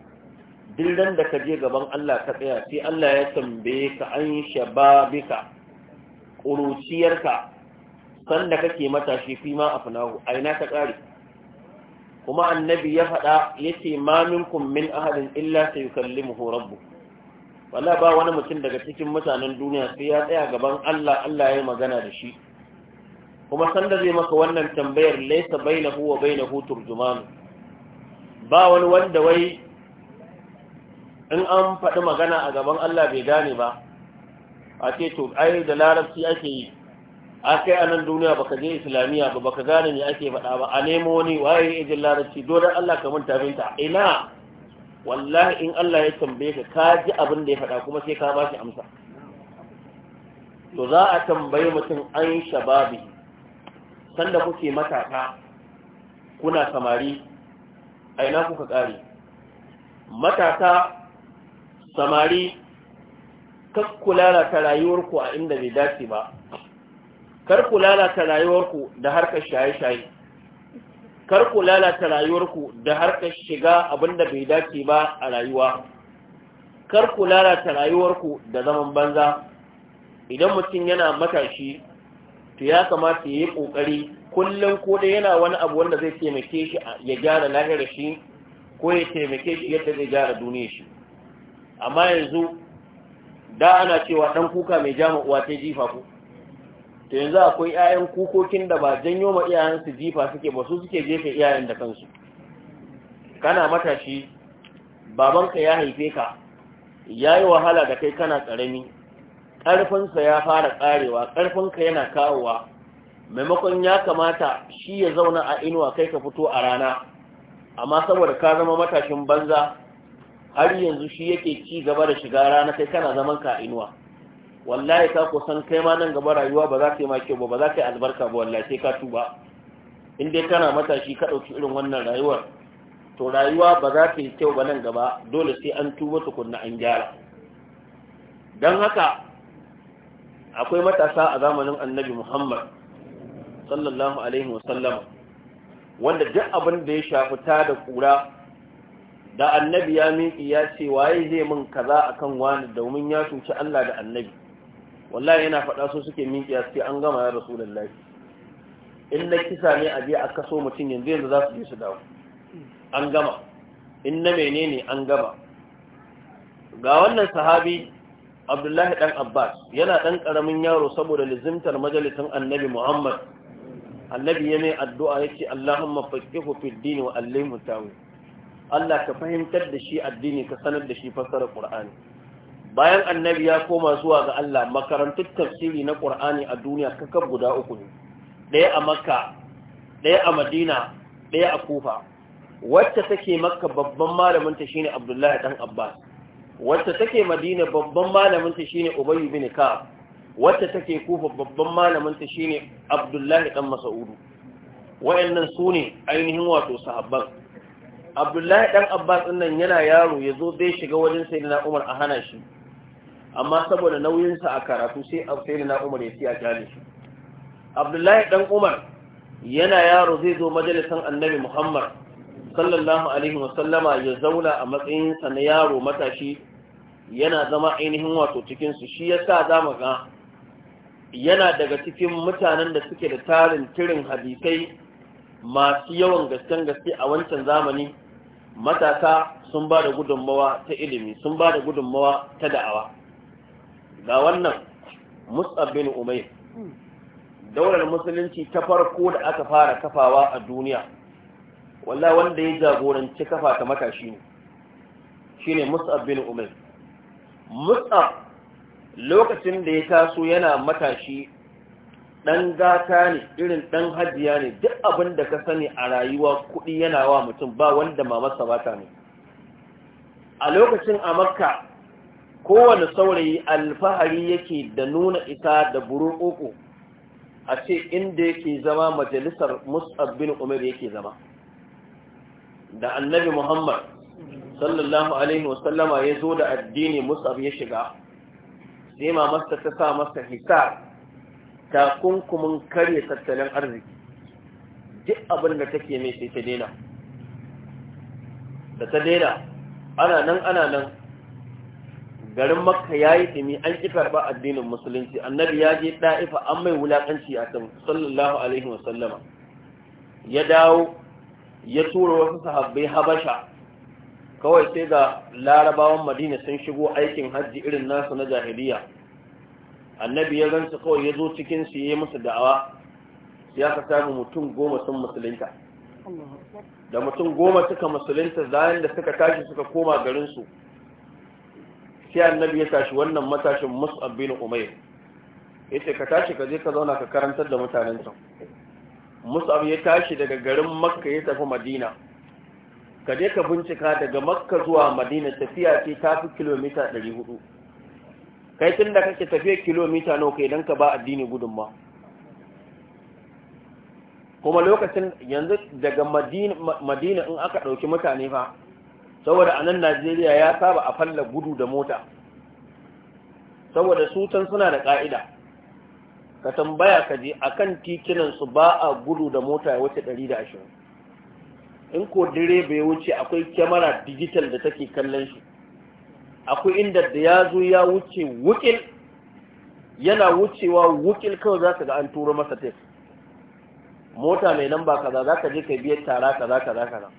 Speaker 1: dindan da ka je gaban Allah ka tsaya sai Allah ya tambaye ka an shababika ƙuruciyarka sanda kake matashi fi ma A ina ka ƙare kuma annabi ya faɗa yace ma minkum min ahadin illa sayukallimuhu rabbu wala ba wani mutum daga cikin mutanen duniya sai ya tsaya gaban Allah Allah ya yi magana da shi kuma sanda zai maka wannan tambayar laysa bainahu wa bainahu turjumanu ba wani wanda wai in an faɗi magana a gaban Allah bai gane ba a ce to ai da larabci ake yi a kai a nan duniya baka je islamiyya ba baka gane ne ake faɗa ba a nemo wani waye ya ji larabci dole Allah ka manta binta ina wallahi in Allah ya tambaye ka ka ji abin da ya faɗa kuma sai ka ba shi amsa to za a tambayi mutum an shababi sanda kuke matasa kuna samari aina ina kuka ƙare matasa samari kar ku lalata rayuwarku a inda bai dace ba kar ku lalata rayuwarku da harkar shaye-shaye kar ku lalata rayuwarku da harkar shiga abinda bai dace ba a rayuwa kar ku lalata rayuwarku da zaman banza idan mutum yana matashi to ya kamata ya yi ƙoƙari kullum ko dai yana wani abu wanda zai taimake shi ya gyara lahira shi ko ya taimake shi yadda zai gyara duniya shi amma yanzu da ana cewa dan kuka mai jama uwa ta jifa ko to yanzu akwai 'ya'yan kukokin da ba janyo ma iyayen su jifa suke ba su suke jefe iyayen da kansu kana matashi babanka ya haife ka yayi wahala da kai kana karami ƙarfinsa ya fara ƙarewa ƙarfinka yana kawowa maimakon ya kamata shi ya zauna a inuwa kai ka fito a rana amma saboda ka zama matashin banza har yanzu shi yake ci gaba da shiga rana kai kana zaman ka a inuwa wallahi ka kusan kai ma nan gaba rayuwa ba za ka yi ma kyau ba ba za ka yi albarka ba wallahi sai ka tuba in dai kana matashi ka ɗauki irin wannan rayuwar to rayuwa ba za ta yi kyau ba nan gaba dole sai an tuba tukunna an gyara don haka akwai matasa a zamanin annabi muhammad sallallahu alaihi wasallam wanda duk abin da ya shafi ta da kura da annabi ya miƙi ya ce waye zai min kaza akan wani domin ya cuci Allah da annabi wallahi yana faɗa so suke miƙiya suke an gama ya rasulullahi in na kisa ne a je a kaso mutum yanzu yanzu za su je su dawo an gama in na menene an gama ga wannan sahabi abdullahi dan abbas yana dan karamin yaro saboda lizimtar majalisin annabi muhammad annabi ya mai addu'a ya ce Allahumma faqihu fid dini wa allimhu Allah ka fahimtar da shi addini ka sanar da shi fassarar Qur'ani bayan annabi ya koma zuwa ga Allah makarantar tafsiri na ƙur'ani a duniya kakab guda uku ne ɗaya a Makka ɗaya a Madina ɗaya a Kufa wacce take Makka babban malamin ta shine Abdullahi dan Abbas wacce take Madina babban malamin ta shine Ubay bin Ka'ab wacce take kufa babban malamin shi ne Abdullahi dan Mas'ud wayannan sune ainihin wato sahabban Abdullahi dan Abbas din nan yana yaro yazo zai shiga wajen Sayyidina Umar a hana shi amma saboda nauyinsa a karatu sai Sayyidina Umar ya a jali shi Abdullahi dan Umar yana yaro zai zo majalisan Annabi Muhammad sallallahu alaihi wasallama ya zauna a matsayinsa na yaro matashi yana zama ainihin wato cikinsu shi ya sa za mu ga yana daga cikin mutanen da suke da tarin tirin hadisai masu yawan gasken gaske a wancan zamani matasa sun ba da gudunmawa ta ilimi sun ba da gudunmawa ta da'awa ga wannan Musa bin daular musulunci ta farko da aka fara kafawa a duniya walla wanda ya jagoranci kafa ta matashi ne shine bin umair mus'ab lokacin da ya taso yana matashi ɗan gata ne irin ɗan hajiya ne duk abin da ka sani a rayuwa kuɗi yana wa mutum ba wanda mamarsa ba ta ne a lokacin a makka kowane saurayi alfahari yake da nuna ita da burin uku a ce inda yake zama majalisar mus'ab bin umar yake zama da annabi muhammad sallallahu alaihi wasallama ya zo da addini mus'ab ya shiga Nema masa ta sa masa hisa takunkumin karya tattalin arziki duk abin da take mai sai ta daina da ta daina ana nan ana nan garin makka ya yi ɗumi an ƙi karɓa addinin musulunci annabi ya je ɗa'ifa an mai wulaƙanci a can sallallahu alaihi wasallama ya dawo ya tura wasu sahabbai habasha kawai sai ga larabawan madina sun shigo aikin hajji irin nasu na jahiliya annabi ya ransu kawai ya zo cikin ya yi masa da'awa ya ka samu mutum goma sun musulinta da mutum goma suka musulinta zayen da suka tashi suka koma garinsu sai annabi ya tashi wannan matashin abin umar ya ce ka tashi ka je ka zauna ka karantar da mutanen can mus'ab ya tashi daga garin makka ya tafi madina ka je ka bincika daga makka zuwa madina tafiya ce ta fi kilomita 400 kai tun da kake tafiya kilomita nawa kai don ka ba addini gudunma kuma lokacin yanzu daga madina in aka ɗauki mutane fa saboda a nan najeriya ya saba a falla gudu da mota saboda Sutan suna da ƙa'ida ka tambaya ka je a kan su ba a gudu da mota ya wuce 120 in ko direba ya wuce akwai kyamara digital da take kallon shi akwai inda da ya zo ya wuce wukil yana wucewa wukil kawai za ka ga an turo masa tef. mota mai nan ba kaza za ka je ka biya tara kaza kaza kaza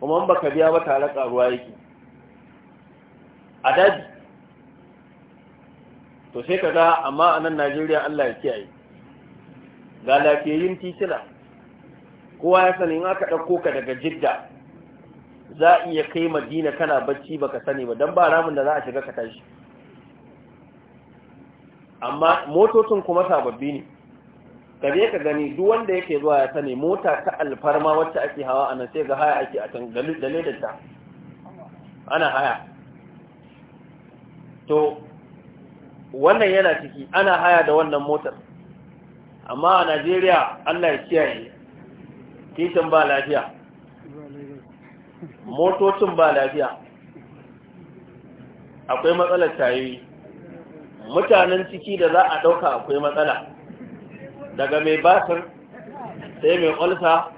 Speaker 1: kuma ba ka biya ba tara karuwa yake a daji to sai ka ga amma a nan najeriya allah ya kiyaye
Speaker 2: ga lafiyayyun
Speaker 1: titina kowa ya sani in aka ɗauko ka daga jidda za a iya kai madina kana bacci baka sani ba don ba ramin da za a shiga ka tashi amma motocin kuma sababbi ne ka ka gani duk wanda yake zuwa ya sani mota ta alfarma wacce ake hawa a nan sai ga haya ake a can da ta ana haya to wannan yana ciki ana haya da wannan motar amma a najeriya allah ya kiyaye titin ba lafiya motocin ba lafiya akwai matsalar tayi, mutanen ciki da za a ɗauka akwai matsala daga mai basir
Speaker 2: sai mai ƙulsa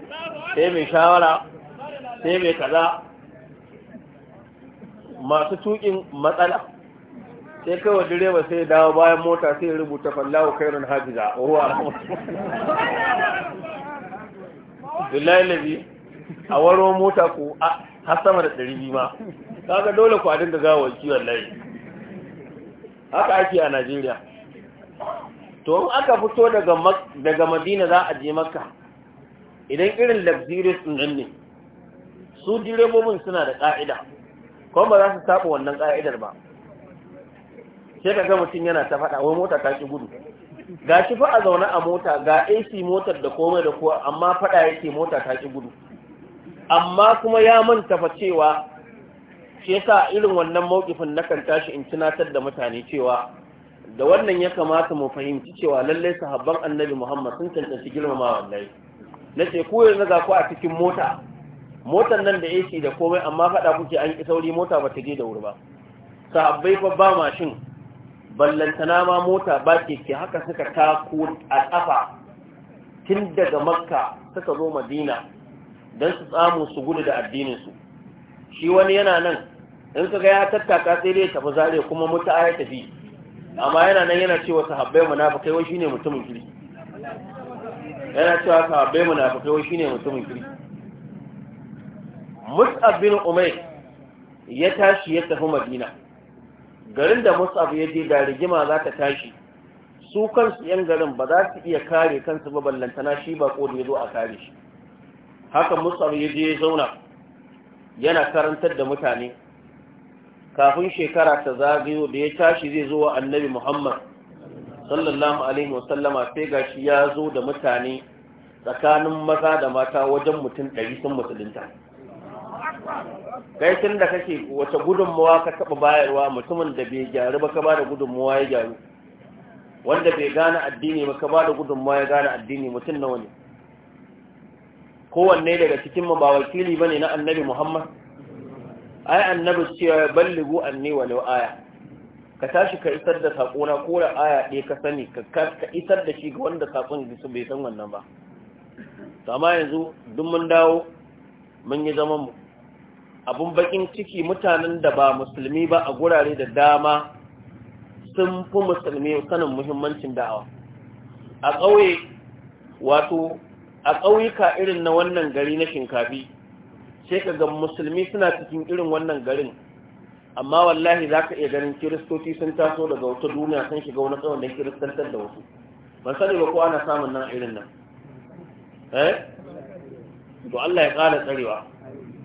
Speaker 2: sai mai
Speaker 1: shawara sai mai kaza masu tukin matsala sai kawai direba sai dawo bayan mota sai rubuta fallawa kairun hajiza ruwa billahi nabi a waro mota ko a har sama da ɗari biyu ma kaga dole ku adin da gawa kiwon layi haka ake a najeriya to in aka fito daga madina za a je makka idan irin luxurious nan ne su direbobin suna da ƙa'ida kuma za su saba wannan ƙa'idar ba sai ka ga mutum yana ta faɗa wai mota ta ki gudu ga shi fa a zaune a mota ga AC motar da komai da kowa amma faɗa yake mota ta ki gudu amma kuma ya manta fa cewa shi yasa irin wannan mawkifin na kan tashi in tunatar da mutane cewa da wannan ya kamata mu fahimci cewa lallai sahabban annabi Muhammad sun cancanci girmama wallahi nace ku yanzu ga ku a cikin mota motar nan da AC da komai amma fada kuke an ki sauri mota ba ta je da wuri ba sahabbai fa ba mashin ballantana ma mota ba keke haka suka tako a kafa tun daga makka suka zo madina don su tsamu su gudu da addininsu shi wani yana nan in ka ga ya tattaka sai dai tafi zare kuma muta ya tafi amma yana nan yana cewa sahabbai munafikai wai shine mutumin kiri
Speaker 2: yana cewa sahabbai munafikai wai
Speaker 1: shine mutumin kiri Mus'ab bin Umayr ya tashi ya tafi Madina garin da Mus'ab ya je da rigima za ta tashi su kansu yan garin ba za su iya kare kansu ba ballantana shi ba ko da ya zo a kare shi haka musab ya je zauna yana karantar da mutane kafin shekara ta zagayo da ya tashi zai zo wa annabi muhammad sallallahu alaihi wasallama sai gashi ya zo da mutane tsakanin maza da mata wajen mutum ɗari sun musulunta tun da kake wata gudunmawa ka taɓa bayarwa mutumin da bai gyaru ba ka ba da gudunmawa ya gyaru wanda bai gane addini ba ka ba da gudunmawa ya gane addini mutum nawa ne kowanne daga cikin mu ba wakili bane na annabi Muhammad ai annabi cewa ballugo anni walau aya ka tashi ka isar da sako na kora aya ɗaya ka sani ka isar da shi ga wanda sakon bai san wannan ba amma yanzu duk mun dawo mun yi zaman mu abun bakin ciki mutanen da ba musulmi ba a gurare da dama sun fi musulmi sanin muhimmancin da'awa a ƙauye wato a ƙauyuka irin na wannan gari na shinkafi sai ka ga musulmi suna cikin irin wannan garin amma wallahi za ka iya ganin kiristoci sun taso daga wata duniya sun shiga wani tsawon da kiristantar da wasu ban sani ba ko ana samun nan irin nan eh to Allah ya ƙara tsarewa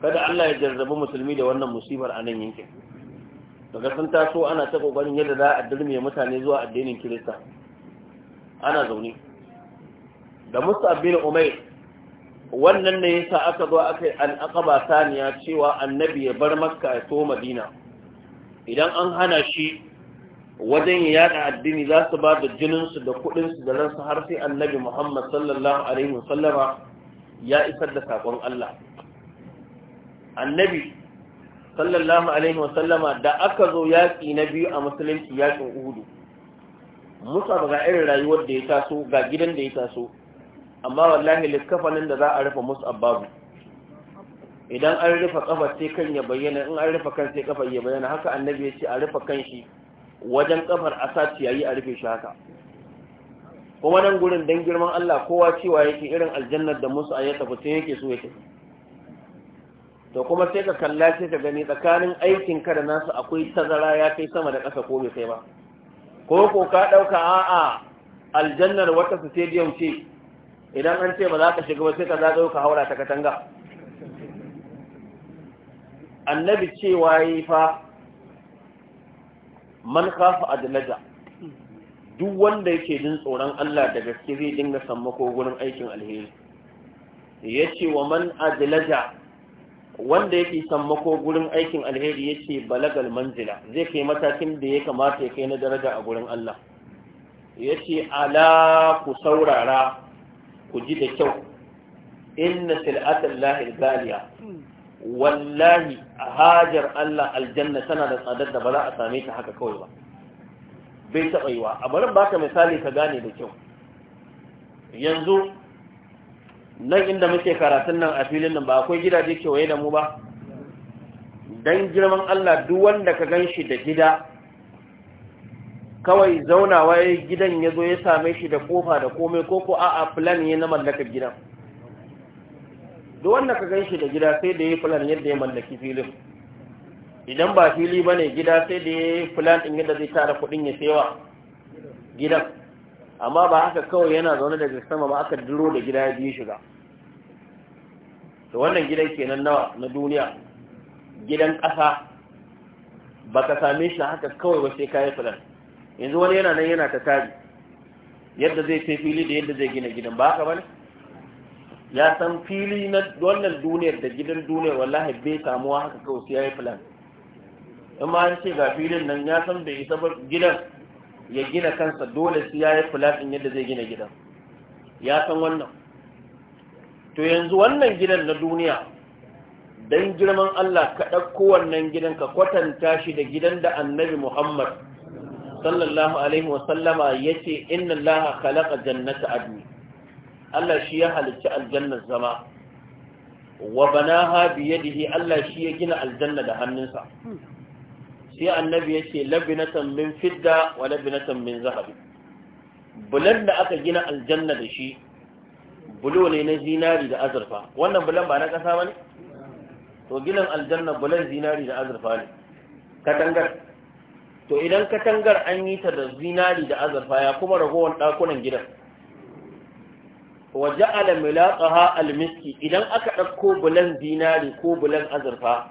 Speaker 1: kada Allah ya jarrabu musulmi da wannan musibar a nan yankin daga sun taso ana ta kokarin yadda za a dirme mutane zuwa addinin kirista ana zaune da Mus'ab bin wannan ne yasa aka zo aka yi aqaba saniya cewa annabi ya bar Makka ya to Madina idan an hana shi wajen ya yada addini za su ba da jininsu da kuɗinsu da ransu har sai annabi Muhammad sallallahu alaihi wasallama ya isar da sakon Allah annabi sallallahu alaihi wasallama da aka zo yaki na biyu a musulunci yakin uhudu musa ga irin rayuwar da ya taso ga gidan da ya taso amma wallahi likafanin da za a rufe musu babu idan an rufe kafa sai kan ya bayyana in an rufe kan sai kafa ya bayyana haka annabi ya ce a rufe kan shi wajen kafar a sati yayi a rufe shi haka kuma nan gurin dan girman Allah kowa cewa yake irin aljannar da musu ya tafi sai yake so yake to kuma sai ka kalla sai ka gani tsakanin aikin ka da nasu akwai tazara ya kai sama da ƙasa ko bai kai ba ko ko ka ɗauka a'a aljannar wata stadium ce idan an ce ba za ka shiga ba sai ka zaɗo ka haura ta katanga annabi cewa yi fa man kafa adalaja duk wanda yake jin tsoron Allah da gaske zai dinga sammako gurin aikin alheri ya ce wa man adalaja wanda yake sammako gurin aikin alheri ya ce balagal manzila zai kai matakin da ya kamata ya kai na daraja a gurin Allah ya ce ala ku saurara ku ji da kyau inna sil'atan lahil galiya wallahi a hajar Allah aljanna tana da tsadar da ba za a same ta haka kawai ba bai taɓa yi wa a bari baka misali ka gane da kyau yanzu nan inda muke karatun nan a filin nan ba akwai gidaje kewaye da mu ba Dan girman Allah duk wanda ka gan shi da gida kawai zaunawa ya gidan ya zo ya same shi da kofa da komai ko ko a'a plan ya na mallakar gidan duk wanda ka gan shi da gida sai da ya plan yadda ya mallaki filin idan ba fili ba ne gida sai da ya plan ɗin yadda zai tara kuɗin ya sewa gidan amma ba haka kawai yana zaune daga sama ba aka duro da gida ya biyu shiga to wannan gidan kenan nawa na duniya gidan ƙasa Baka same shi haka kawai ba sai ka yi plan yanzu wani yana nan yana ta tari yadda zai fi fili da yadda zai gina gidan ba ka bane ya san fili na wannan duniyar da gidan duniyar wallahi bai kamuwa haka kawai sai yayi plan in ma an ce ga filin nan ya san bai isa gidan ya gina kansa dole sai yayi plan din yadda zai gina gidan ya san wannan to yanzu wannan gidan na duniya dan girman Allah ka ɗauko wannan gidan ka kwatanta shi da gidan da Annabi Muhammad sallallahu alaihi wasallama ya ce inna allaha khalaqa jannata adni Allah shi ya halicci aljannar zama wa banaha bi yadihi Allah shi ya gina aljanna da hannunsa sai annabi ya ce labinatan min fidda wa labinatan min zahabi bulan da aka gina aljanna da shi bulo ne na zinari da azurfa wannan bulan ba na ƙasa ba ne to ginin aljanna bulan zinari da azurfa ne ka katangar to idan katangar an yi ta da zinari da azurfa ya kuma ragowar ɗakunan gidan waje alamila tsaha almiski idan aka ɗauko bulan zinari ko bulan azurfa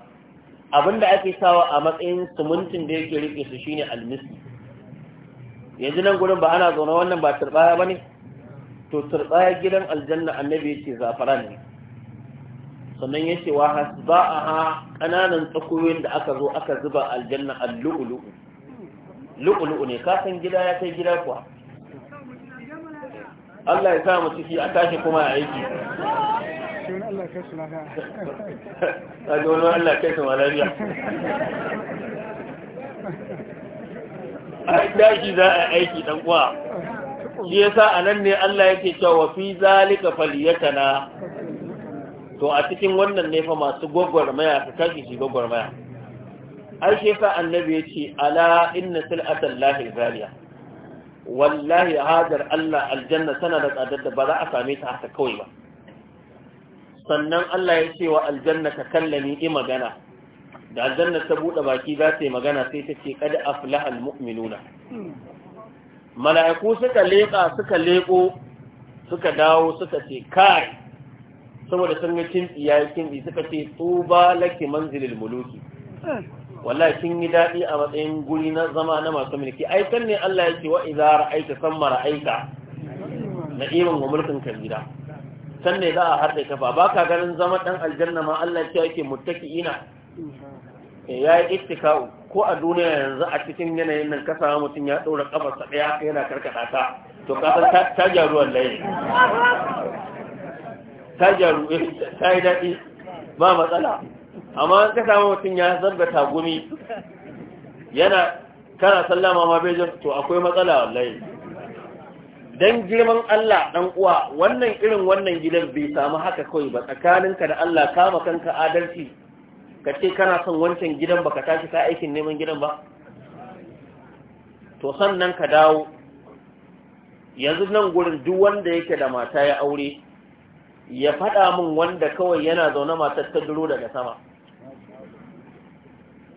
Speaker 1: abinda ake sawa a matsayin sumuntin da yake rike su shine almiski yanzu nan gudun ba ana zaune wannan ba turbaya ba ne to turbaya gidan aljanna annabi ya ce zafara ne sannan ya ce wa ba a ƙananan tsakoyin da aka zo aka zuba aljanna allu'ulu'u lu'ulu'u ne ka san gida ya kai gida kuwa Allah ya sa mu ciki a tashi kuma a aiki
Speaker 2: sun Allah kai su lafiya a Allah
Speaker 1: kai su a tashi za a aiki dan kuwa shi yasa anan ne Allah yake cewa fi zalika falyatana to a cikin wannan ne fa masu gwagwarmaya su kashi shi gwagwarmaya ai shi yasa annabi yace ala inna sil'atan lahi zaliya wallahi hadar Allah aljanna tana da tsadar da ba za a same ta haka kawai ba sannan Allah ya ce wa aljanna ka kallami i magana da aljanna ta buɗe baki za ta yi magana sai ta ce 'Kada aflaha almu'minuna mala'iku suka leka suka leƙo suka dawo suka ce kai saboda sun ga kimbi yi kimbi suka ce tuba laki manzilil muluki wallahi kin yi daɗi a matsayin guri na zama na masu mulki ai kan ne Allah ya ce wa idza ra'aita samma ra'aita na irin wa mulkin kabira san ne za a harɗe kafa ba ka ganin zama dan aljanna ma Allah ce yake muttaki'ina eh, ya yi istika'u ko a duniya yanzu a cikin yanayin nan ka samu mutum ya ɗora ƙafarsa ɗaya yana karkata ta to ka san ta jaru wallahi ta jaru eh, ta yi daɗi ba matsala amma an ka samu mutum ya zarga tagumi yana kana sallama ma bai to akwai matsala wallahi dan girman Allah dan uwa wannan irin wannan gidan bai samu haka kawai ba tsakaninka da Allah kama kanka adalci ka ce kana son wancan gidan baka tashi ka aikin neman gidan ba to sannan ka dawo yanzu nan gurin duk wanda yake da mata ya aure ya faɗa min wanda kawai yana zaune matar ta duro daga sama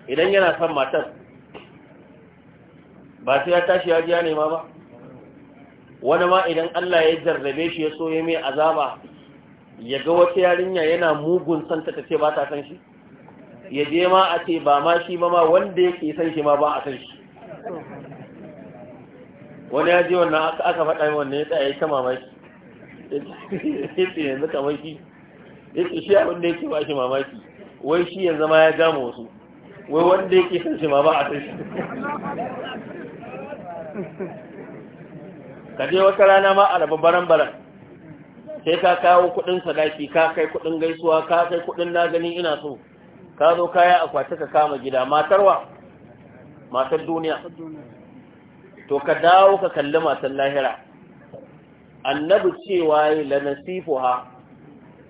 Speaker 1: idan yana son matar ba sai ya tashi ya jiya nema ba wani ma idan Allah ya jarrabe shi ya so ya mai azaba ya ga wata yarinya yana mugun santa ta ce ba ta san shi ya je ma a ce ba ma shi ba ma wanda yake san shi ma ba a san shi wani ya ji wannan aka faɗa mai wannan ya tsaye ta mamaki yace yanzu kamar shi yace shi abin da yake ba shi mamaki wai shi yanzu ma ya gama wasu wai wanda yake san shi ma ba a san shi ka je wata rana ma a raba baran baran sai ka kawo kudin sadaki ka kai kudin gaisuwa ka kai kudin na gani ina so ka zo kaya kwace ka kama gida matarwa matar duniya to ka dawo ka kalli matar lahira annabi cewa yi ha?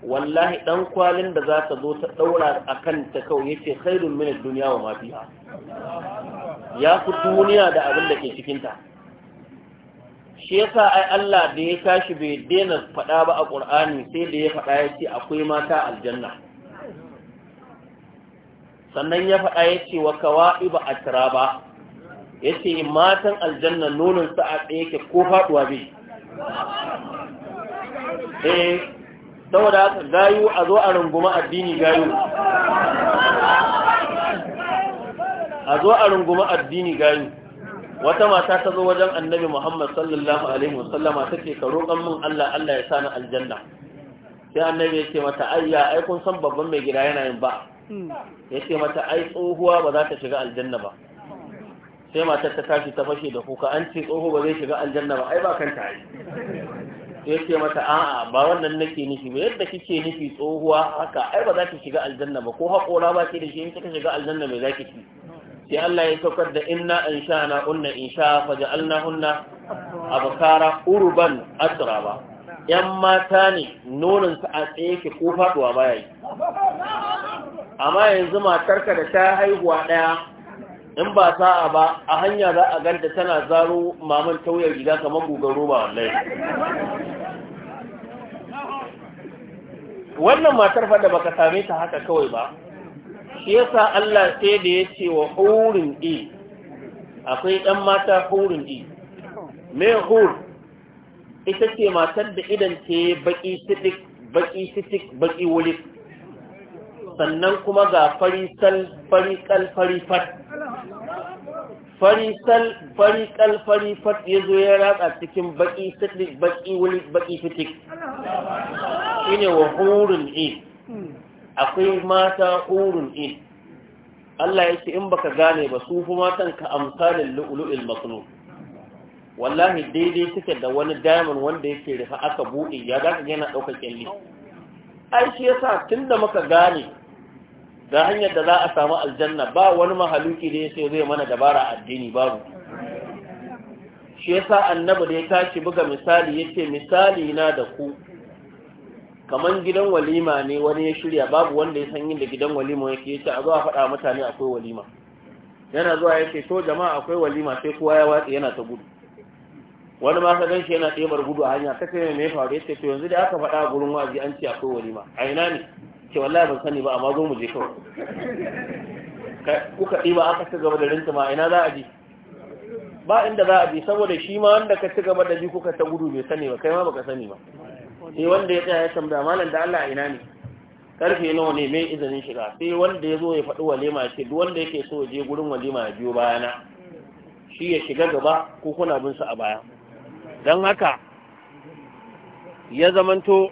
Speaker 1: wallahi dan kwalin da za ta zo ta daura a kan ta kawai yake khairun min ad-dunya wa ma fiha
Speaker 2: ya ku duniya da abin
Speaker 1: da ke cikin ta shi yasa ai Allah da ya tashi bai daina faɗa ba a Qur'ani sai da ya faɗa ya ce akwai mata aljanna sannan ya faɗa ya ce wa kawa'iba atraba yace matan aljanna nonon sa a tsaye ke ko faduwa bai eh saboda haka gayu a zo a runguma addini gayu a zo a runguma addini gayu wata mata ta zo wajen annabi Muhammad sallallahu alaihi wasallama ce ka roƙon min Allah Allah ya sa ni aljanna sai annabi ya ce mata ayya ai kun san babban mai gida yana yin ba hmm. ya ce mata ai tsohuwa ba za ta shiga aljanna ba sai matar ta tashi ta fashe da kuka an ce tsoho ba zai shiga aljanna ba ai ba kanta ai ya ce mata a'a ba wannan nake nufi ba yadda kike nufi tsohuwa haka ai ba za ki shiga aljanna ba ko haƙora ba ke da shi in kika shiga aljanna mai za ki ci sai Allah ya saukar da inna in sha na unna in sha fa ja'alna hunna abkara urban ba. yan mata ne nonon su a tsaye ke ko faduwa baya yi amma yanzu matarka da ta haihuwa daya in ba sa'a ba a hanya za a ganta tana zaro maman tauyar gida kamar gugar roba wallai wannan matar fada baka same ta haka kawai ba shi yasa Allah sai da ya ce wa hurin e akwai ɗan mata hurin e me hur ita ce matar da idan ce baki sitik baki sitik baki wulik sannan kuma ga fari sal fari fari fat farikal fari ya zo ya ratsa cikin baki sitlik baki wuli baki fitik shine wa hurun in akwai mata hurun in Allah ya ce in baka gane ba su fi matan ka amsalin lu'lu'il maknun wallahi daidai suke da wani diamond wanda yake rufa aka buɗe ya zaka yana ɗaukar kyalli ai shi yasa tunda muka gane da hanyar da za a samu aljanna ba wani mahaluki da ya ce zai mana dabara addini babu shi yasa annabi da ya tashi buga misali yace misali na da ku kaman gidan walima ne wani ya shirya babu wanda ya san yinda gidan walima yake yace a zuwa faɗa mutane akwai walima yana zuwa yake to jama'a akwai walima sai kowa ya watsi yana ta gudu wani ma ka ganshi yana ɗebar gudu a hanya kace me ya faru yace to yanzu da aka faɗa a gurin wazi an ce akwai walima a ina ne ce wallahi ban sani ba amma zo mu je kawai kuka ɗiba aka ci gaba da rinta ma ina za a ji ba inda za a ji saboda shi ma wanda ka ci gaba da ji kuka ta gudu bai sani ba kai ma baka sani ba sai wanda ya tsaya ya tambaya malam da Allah ina ne karfe nawa ne mai izinin shiga sai wanda ya zo ya faɗi walima ya ce duk wanda yake so ya je gurin walima ya biyo bayana shi ya shiga gaba ko kuna bin su a baya don haka ya zamanto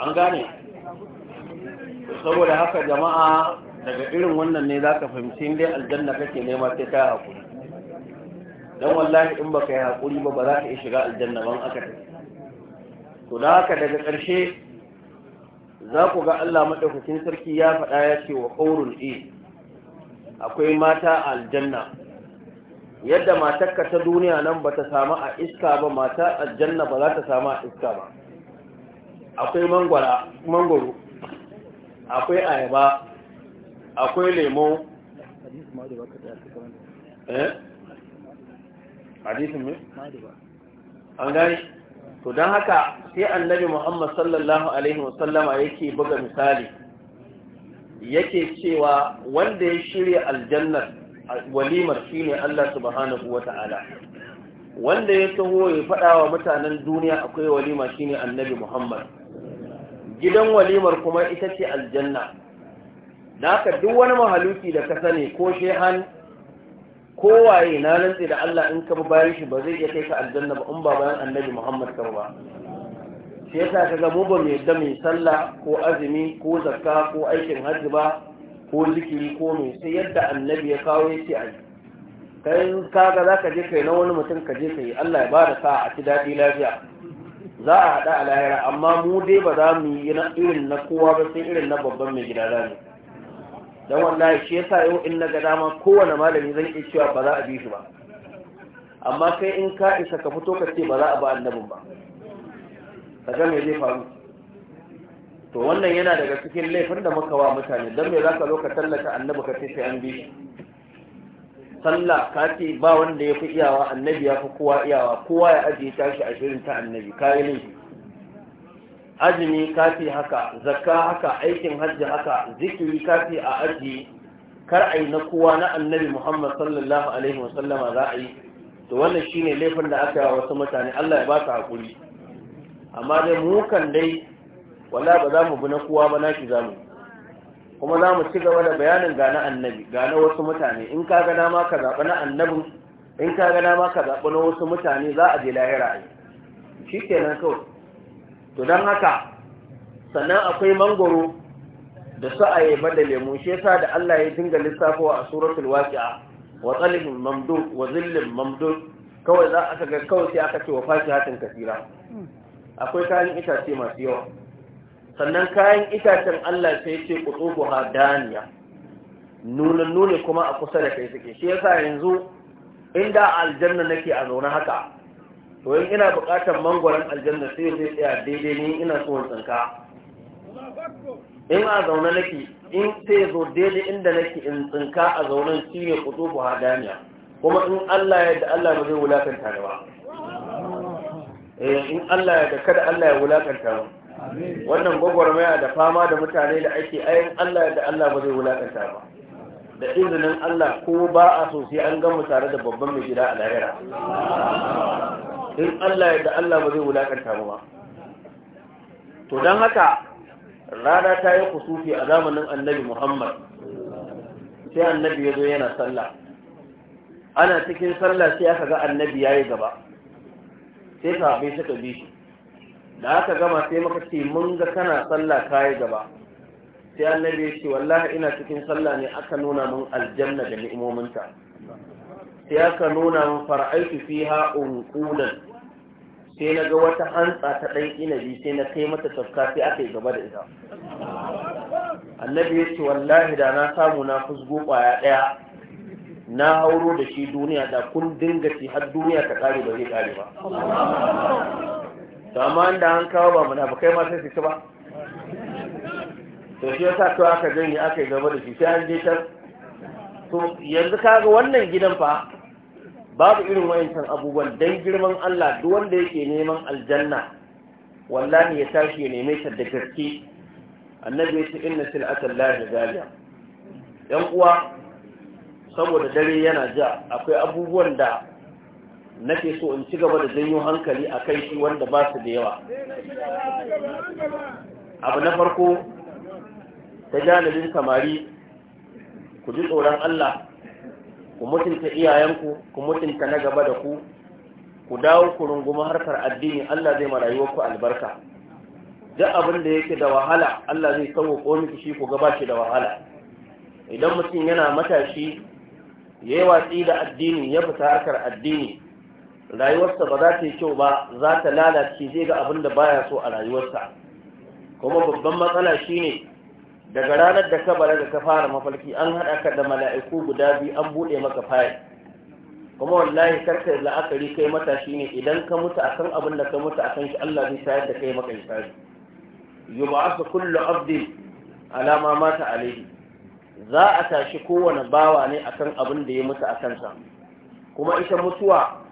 Speaker 2: an gane saboda haka jama'a
Speaker 1: daga irin wannan ne za ka fahimci dai aljanna kake nema sai ta haƙuri don wallahi in baka yi haƙuri ba ba za ka iya shiga aljanna ban aka tafi to da haka daga ƙarshe za ku ga Allah maɗaukakin sarki ya faɗa ya ce wa ƙaurul e akwai mata a aljanna yadda matarka ta duniya nan ba ta samu a iska ba mata aljanna ba za ta samu a iska ba akwai mangwaro akwai ayaba akwai lemo eh hadisin an gani to don haka sai annabi muhammad sallallahu alaihi wasallama yake buga misali yake cewa wanda ya shirya aljannar walimar shine Allah subhanahu ta'ala wanda ya taho ya faɗa wa mutanen duniya akwai walima shine annabi muhammad gidan walimar kuma ita ce aljanna da haka duk wani mahaluki da ka sani ko shehan kowaye na rantse da Allah in ka bayan shi ba zai iya kai ka aljanna ba in ba bayan annabi Muhammad kan ba shi yasa ka gamo ba mu yadda mai sallah ko azumi ko zakka ko aikin hajji ba ko zikiri ko mai sai yadda annabi ya kawo ya ce ai kai za zaka je kai na wani mutum ka je yi. Allah ya bada sa a ci daɗi lafiya za a hada a lahira amma mu dai ba za mu yi irin na kowa ba sai irin na babban mai gida zamu don wallahi shi yasa yau in na ga dama kowane malami zan iya cewa ba za a bi shi ba amma kai in ka isa ka fito ka ce ba za a ba annabin ba ka ga me zai faru to wannan yana daga cikin laifin da muka wa mutane don me za ka zo ka tallata annabi ka ce sai an bi shi sallah ka ce ba wanda ya fi iyawa annabi ya fi kowa iyawa kowa ya ajiye tashi ashirin ta annabi kayi laifi azumi kafi haka zakka haka aikin hajji haka zikiri kafi a aji kar ai na kowa na annabi muhammad sallallahu alaihi wasallama za a yi to wannan shine laifin da aka yi wasu mutane allah ya ba su haƙuri amma dai mu kan dai wala ba za mu bi na kowa ba na shi za mu kuma za mu ci gaba da bayanin ga na annabi ga na wasu mutane in ka ga dama ka zaɓi na annabi in ka ga dama ka zaɓi na wasu mutane za a je lahira a yi shi kenan kawai to don haka sannan akwai mangoro da su ayaba da lemu shi yasa da Allah ya dinga lissafowa a suratul waqi'a wa talibul mamdud wa zillin mamdud kawai za aka ga kawai sai aka ce wa fasihatin kasira akwai kayan itace masu yawa sannan kayan itacen Allah sai ce qutubuha daniya nunan nune kuma a kusa da kai suke shi yasa yanzu inda aljanna nake a zaune haka to in ina buƙatar mangwaron aljanna sai zai tsaya daidai ne ina so in tsinka in a zaune nake in sai zo daidai inda nake in tsinka a zaunen shi ne kutubu hadaniya kuma in Allah ya da Allah ba zai wulakanta da ba eh in Allah ya da kada Allah ya wulakanta ba wannan gwagwarmaya da fama da mutane da ake ayin Allah ya da Allah ba zai wulakanta ba da izinin Allah ko ba a sosai an gama tare da babban mai gida a lahira in Allah yadda Allah ba zai wulakanta mu ba to don haka rana ta yi kusufi a zamanin annabi Muhammad sai annabi ya zo yana sallah ana cikin sallah sai aka ga annabi ya yi gaba sai sahabbai suka bi shi da aka gama sai maka ce mun ga kana sallah ka yi gaba sai annabi ya ce wallahi ina cikin sallah ne aka nuna mun aljanna da ni'imominta sai aka nuna mun fi fiha unqulan sai na ga wata hantsa ta ɗan inabi sai na kai mata tafka sai aka yi gaba da ita annabi ya ce wallahi da na samu na fusgo ƙwaya ɗaya na hauro da shi duniya da kun dinga ci har duniya ta ƙare ba zai ƙare ba to amma inda an kawo ba munafukai ma sai su ba to shi yasa to aka ganye aka yi gaba da shi sai an je can to yanzu kaga wannan gidan fa babu irin wayancan abubuwan dan girman Allah duk wanda yake neman aljanna wallahi ya tashi ya neme ta da gaske annabi ya ce inna silata lahi galiya yan uwa saboda dare yana ja akwai abubuwan da nake so in ci gaba da janyo hankali a kai shi wanda ba su da yawa abu na farko ta janibin samari ku ji tsoron Allah ku mutunta iyayenku ku mutunta na gaba da ku ku dawo ku runguma harkar addini Allah zai ma ku albarka duk abin da yake da wahala Allah zai sauko miki shi ku gaba shi da wahala idan mutum yana matashi yayi watsi da addini ya fita harkar addini rayuwarsa ba za ta yi kyau ba za ta lalace zai ga abin da baya so a rayuwarsa kuma babban matsala shine daga ranar da ka da ka fara mafalki an haɗa ka da mala'iku guda biyu an buɗe maka fayil kuma wallahi karka la'akari kai matashi ne idan ka mutu akan abin da ka mutu akan shi Allah zai sayar da kai maka hisabi yub'asu kullu abdin ala ma mata alayhi za a tashi kowane bawa ne akan abin da ya mutu akan sa kuma ita mutuwa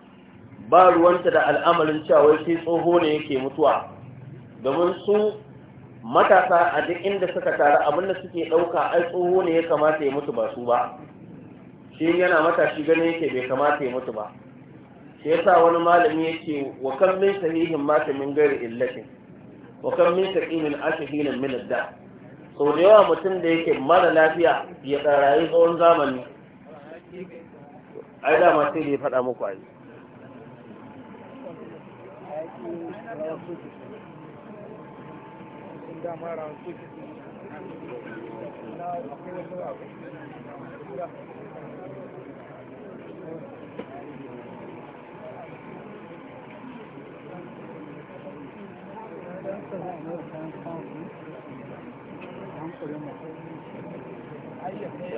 Speaker 1: ba ruwanta da al'amarin cewa wai sai tsoho ne yake mutuwa domin su matasa a duk inda suka taru abin da suke ɗauka ai tsoho ne ya kamata ya mutu ba su ba shi yana matashi gani yake bai kamata ya mutu ba shi yasa wani malami yake wa kan min sahihin mata min gari illatin wa kan min saqimin ashhilin min da. sau da yawa mutum da yake mara lafiya ya tsarayi tsawon zamani ai da masu sai da ya faɗa muku ayi.
Speaker 2: na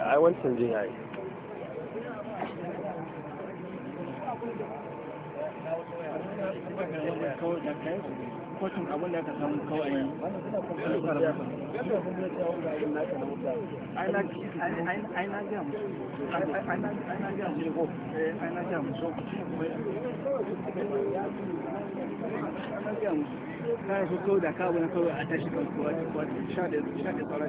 Speaker 2: I went from GI.
Speaker 1: kwatin abin da kawai kawai da kawo na kawai a tashi kan kowa da sha da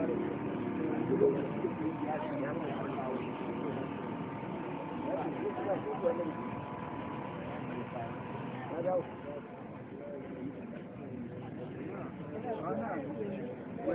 Speaker 2: Thank you.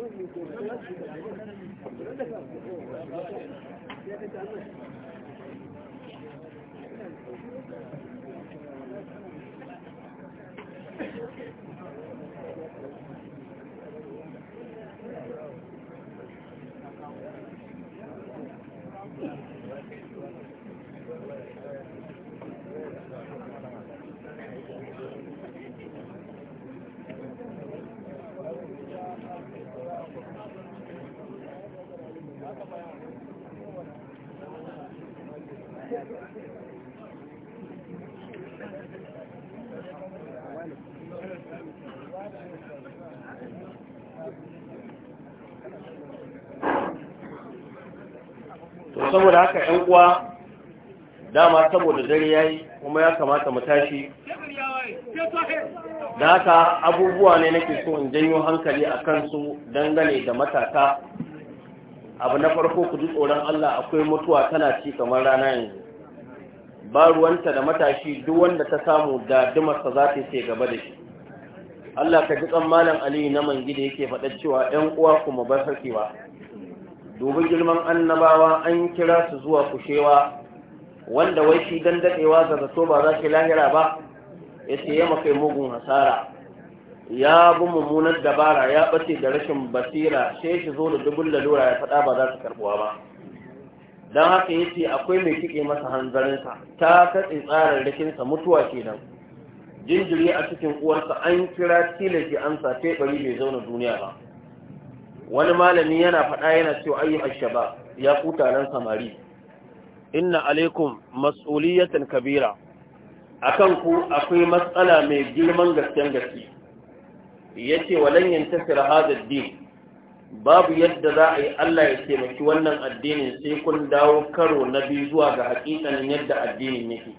Speaker 2: Thank you.
Speaker 1: saboda haka 'yan uwa dama saboda dare ya yi, kuma ya kamata mu tashi
Speaker 2: da haka abubuwa ne nake so
Speaker 1: in janyo hankali a kansu dangane da matata. abu na farko ku ji tsoron Allah akwai mutuwa tana ci kamar rana yanzu ba ruwanta da matashi duk wanda ta samu da dumarsa za ta ce gaba da shi Allah ka ji tsammanin Aliyu na mangida yake faɗa cewa ‘yan uwa kuma ba sarki dubi girman annabawa an kira su zuwa kushewa wanda wai shi dan dadewa ga zato ba za shi lahira ba ya ce ya mugun hasara ya bi mummunar dabara ya bace da rashin basira sai shi zo da dubun lalura ya faɗa ba za su karbuwa ba don haka ya ce akwai mai kike masa hanzarinsa ta katse tsarin rikinsa mutuwa ke nan. jinjiri a cikin uwarsa an kira tilaji an sa bari bai zauna duniya ba wani malami yana faɗa yana cewa ayyu ashaba ya kuta nan samari inna alaikum mas'uliyatan kabira akan ku akwai matsala mai girman gasken gaske yace walan yantasir hada din babu yadda za a yi Allah ya taimaki wannan addinin sai kun dawo karo na biyu zuwa ga hakikanin yadda addinin yake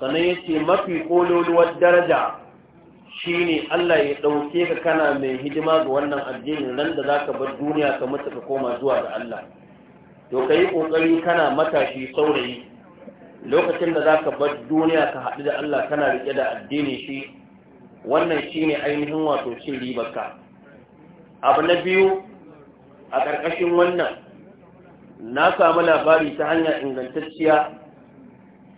Speaker 1: sannan yace mafi kololuwar daraja Shi ne Allah ya ɗauke ka kana mai hidima ga wannan addini nan da za ka bar duniya ka mutu ka koma zuwa ga Allah to ka yi kokari kana matashi saurayi lokacin da za ka bar duniya ka haɗu da Allah kana riƙe da addini shi wannan shi ne ainihin wato cin ribarka abu na biyu a ƙarƙashin wannan na samu labari ta hanya ingantacciya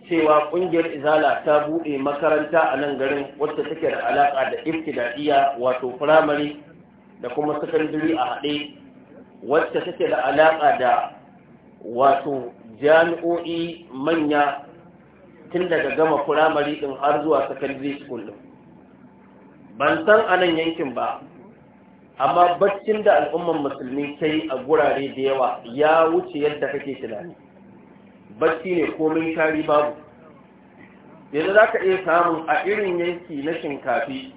Speaker 1: cewa ƙungiyar izala ta buɗe makaranta a nan garin wacce take da alaƙa da ibtida'iyya wato firamare da kuma sakandare a haɗe wacce take da alaƙa da wato jami'o'i manya tun daga gama firamare ɗin har zuwa sakandare school ban san a nan yankin ba amma baccin da al'ummar musulmi ta yi a gurare da yawa ya wuce yadda kake tunani bacci ne komin tari babu yanzu za ka iya samun a irin yanki na shinkafi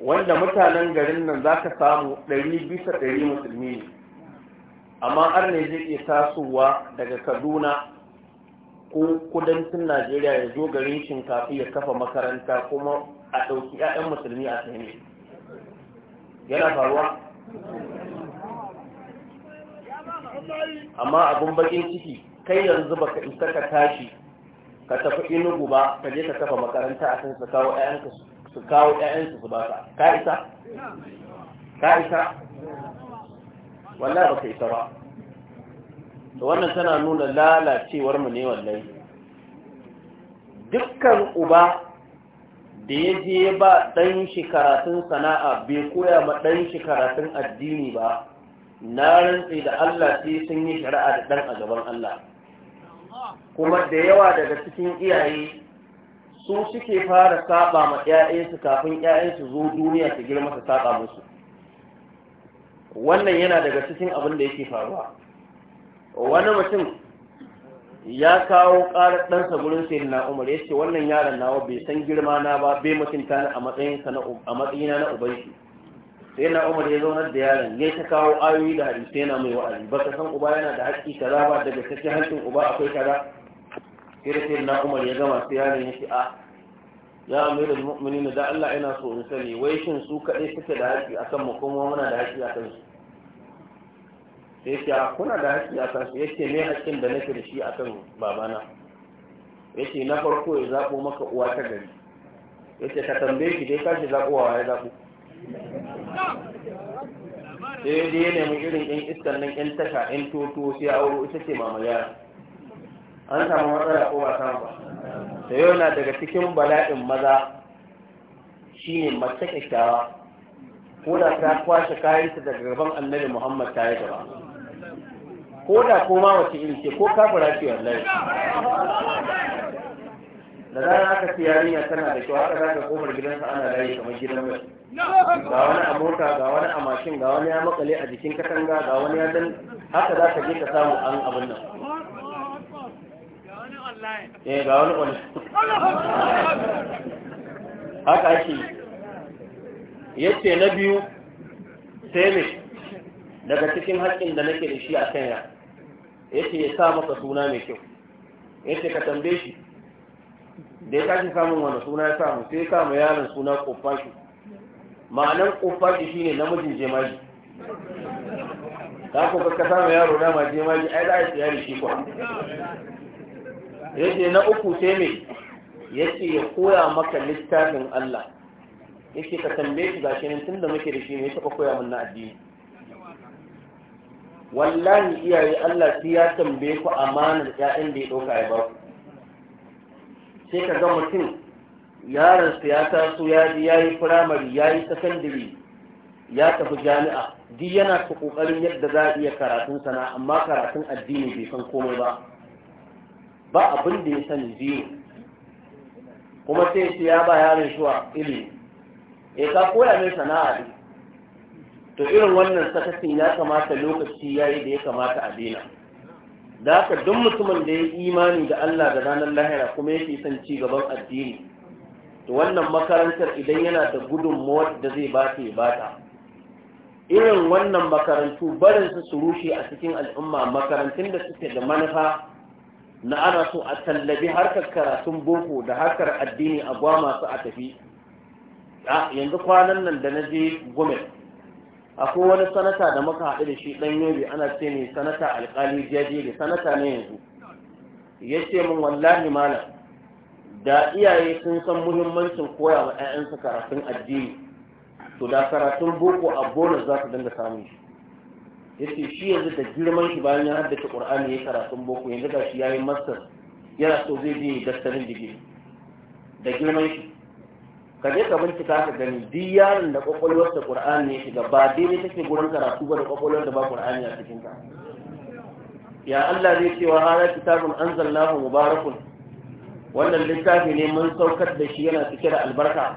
Speaker 1: wanda mutanen garin nan za ka samu ɗari bisa ɗari musulmi ne amma arne zai iya tasowa daga kaduna ko kudancin najeriya ya zo garin shinkafi ya kafa makaranta kuma a ɗauki 'ya'yan musulmi a ne yana faruwa amma abin bakin ciki kai yanzu baka isa ka tashi ka tafi inugu ba ka je ka kafa makaranta a kan su kawo ƴaƴanka su ba ka isa ka isa baka isa ba Da wannan tana nuna lalacewar mu ne wallahi dukkan uba da ya je ba ɗan shi karatun sana'a bai koya ma ɗan shi karatun addini ba na rantsi da Allah sai sun yi shari'a da ɗan a gaban Allah kuma da yawa daga cikin iyaye su suke fara saba ma 'ya'yansu kafin 'ya'yansu zo duniya su girma su saba musu wannan yana daga cikin abin da yake faruwa wani mutum ya kawo ƙarar ɗansa gurin sai na umar ya ce wannan yaron nawa bai san girma na ba bai mutunta ni a matsayina na uban shi sai na umar ya zaunar da yaron ya ta kawo ayoyi da hadisi yana mai wa'azi ba san uba yana da haƙƙi kaza ba daga cikin haƙƙin uba akwai kaza sai na umar ya gama sai yaron ya a ah, ya da mu'minin da Allah ina so in sani wai shin su kaɗai suke da haƙƙi akan mu kuma muna da haƙƙi akan su sai ya ah, kuna da haƙƙi akan su yace ne haƙƙin da nake da shi akan babana ce na farko ya zaɓo maka uwa ta gari ce ka tambaye shi dai kashi zaɓowa ya zaɓo
Speaker 2: sai dai ya nemi
Speaker 1: irin 'yan iskan nan 'yan tasha 'yan toto sai auro ita ce mama yara an samu matsala ko ba samu ba da yau na daga cikin bala'in maza shine mace kyakkyawa ko da ta kwashe kayansa daga gaban annabi muhammad ta yi gaba ko da ko ma wace iri ce ko kafira ce wallahi
Speaker 2: da zarar aka
Speaker 1: ce yarinya tana da kyau aka zaga komar gidansa ana layi kamar gidan mai ga wani a mota ga wani a mashin ga wani ya makale a jikin katanga ga wani ya dan haka za ka je ka samu an abin
Speaker 2: nan eh ga wani wani haka
Speaker 1: Ya ce na biyu sai ne daga cikin haƙƙin da nake da shi a kanya ce ya sa masa suna mai kyau Ya ce ka tambaye shi da ya tashi samun wani suna ya samu sai ya kama yaron suna kofashi ma'anar kofashi shine namijin jemaji ta kuka ka samu yaro dama jemaji ai za a tsaya da shi kuwa.
Speaker 2: yake na uku
Speaker 1: sai me yace ya koya maka littafin Allah yake ka tambaye shi gashi nan tunda muke da shi me taba koya mun na addini wallahi iyaye Allah sai ya tambaye ku amanar ƴaƴan da ya dauka ya ba ku sai ka ga mutum yaron sa ya taso ya ji yayi primary yayi secondary ya tafi jami'a duk yana ta kokarin yadda za a iya karatun sana amma karatun addini bai san komai ba ba abin da ya sani zero kuma sai ce ya ba yaron shuwa ilimi e ka koya mai sana'a ne to irin wannan sakacin ya kamata lokaci ya yi da ya kamata a daina da haka duk mutumin da ya yi imani da Allah da ranar lahira kuma ya fi son ci gaban addini to wannan makarantar idan yana da gudun mawar da zai ba ta ya bata irin wannan makarantu barin su su rushe a cikin al'umma makarantun da suke da manufa na ana so a tallabi harkar karatun boko da harkar addini a gwa masu a tafi yanzu kwanan nan da na je gomet akwai wani sanata da muka haɗu da shi ɗan yobe ana ce ne sanata alƙali jiya da sanata ne yanzu ya ce min wallahi malam da iyaye sun san muhimmancin koya wa 'ya'yansu karatun addini to da karatun boko a bonus za su dinga samun shi yace shi yanzu da girman shi bayan ya haddace qur'ani ya karatun boko yanzu ga shi yayin master yana so zai je daftarin digiri da girman shi ka je ka bincika ka gani duk yaron da kwakwalwar da qur'ani ya shiga ba dai ta take gurin karatu ba da kwakwalwar da ba qur'ani a cikin ka. ya Allah zai ce wa hada kitabun anzalnahu mubarakun wannan littafi ne mun saukar da shi yana cike da albarka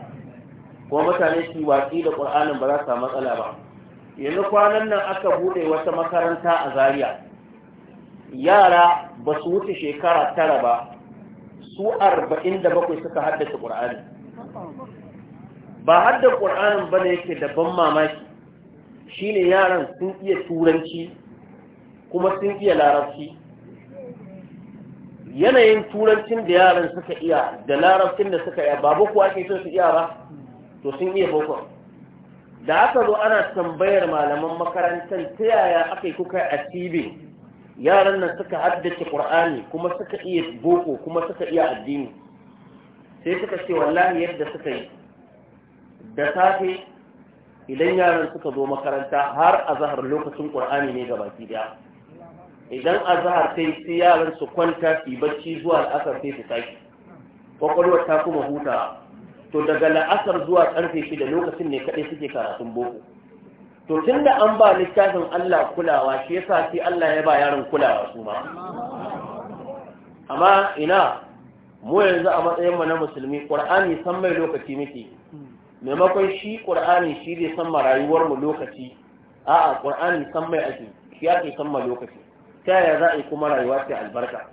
Speaker 1: kuma mutane su watsi da qur'anin ba za su samu matsala ba yanzu kwanan nan aka bude wata makaranta a Zaria yara ba su wuce shekara tara ba su arba'in da bakwai suka haddace ƙur'ani ba hadda ƙur'anin ba ne yake da ban mamaki shine yaran sun iya turanci kuma sun iya larabci yanayin turancin da yaran suka iya da larabcin da suka iya babu kuwa ke so su iya ba to sun iya boko da aka zo ana tambayar malaman makarantar ta yaya aka yi kuka a tibin yaran nan suka haddace ƙur'ani kuma suka iya boko kuma suka iya addini sai suka ce wallahi yadda suka yi da safe idan yaran suka zo makaranta har a zahar lokacin ƙur'ani ne ga baki daya idan a zahar ta yi sai yaran su kwanta su bacci zuwa al'asar sai su sake kwakwalwar ta kuma hutawa to daga la'asar zuwa karfe da lokacin ne kaɗai suke karatun boko to tun da an ba littafin Allah kulawa shi yasa sai Allah ya ba yaron kulawa su ma amma ina mu yanzu a matsayin mu na musulmi qur'ani san mai lokaci muke maimakon shi qur'ani shi zai san rayuwar mu lokaci a'a qur'ani san mai aji shi yake san lokaci ta yaya za a kuma rayuwa ta albarka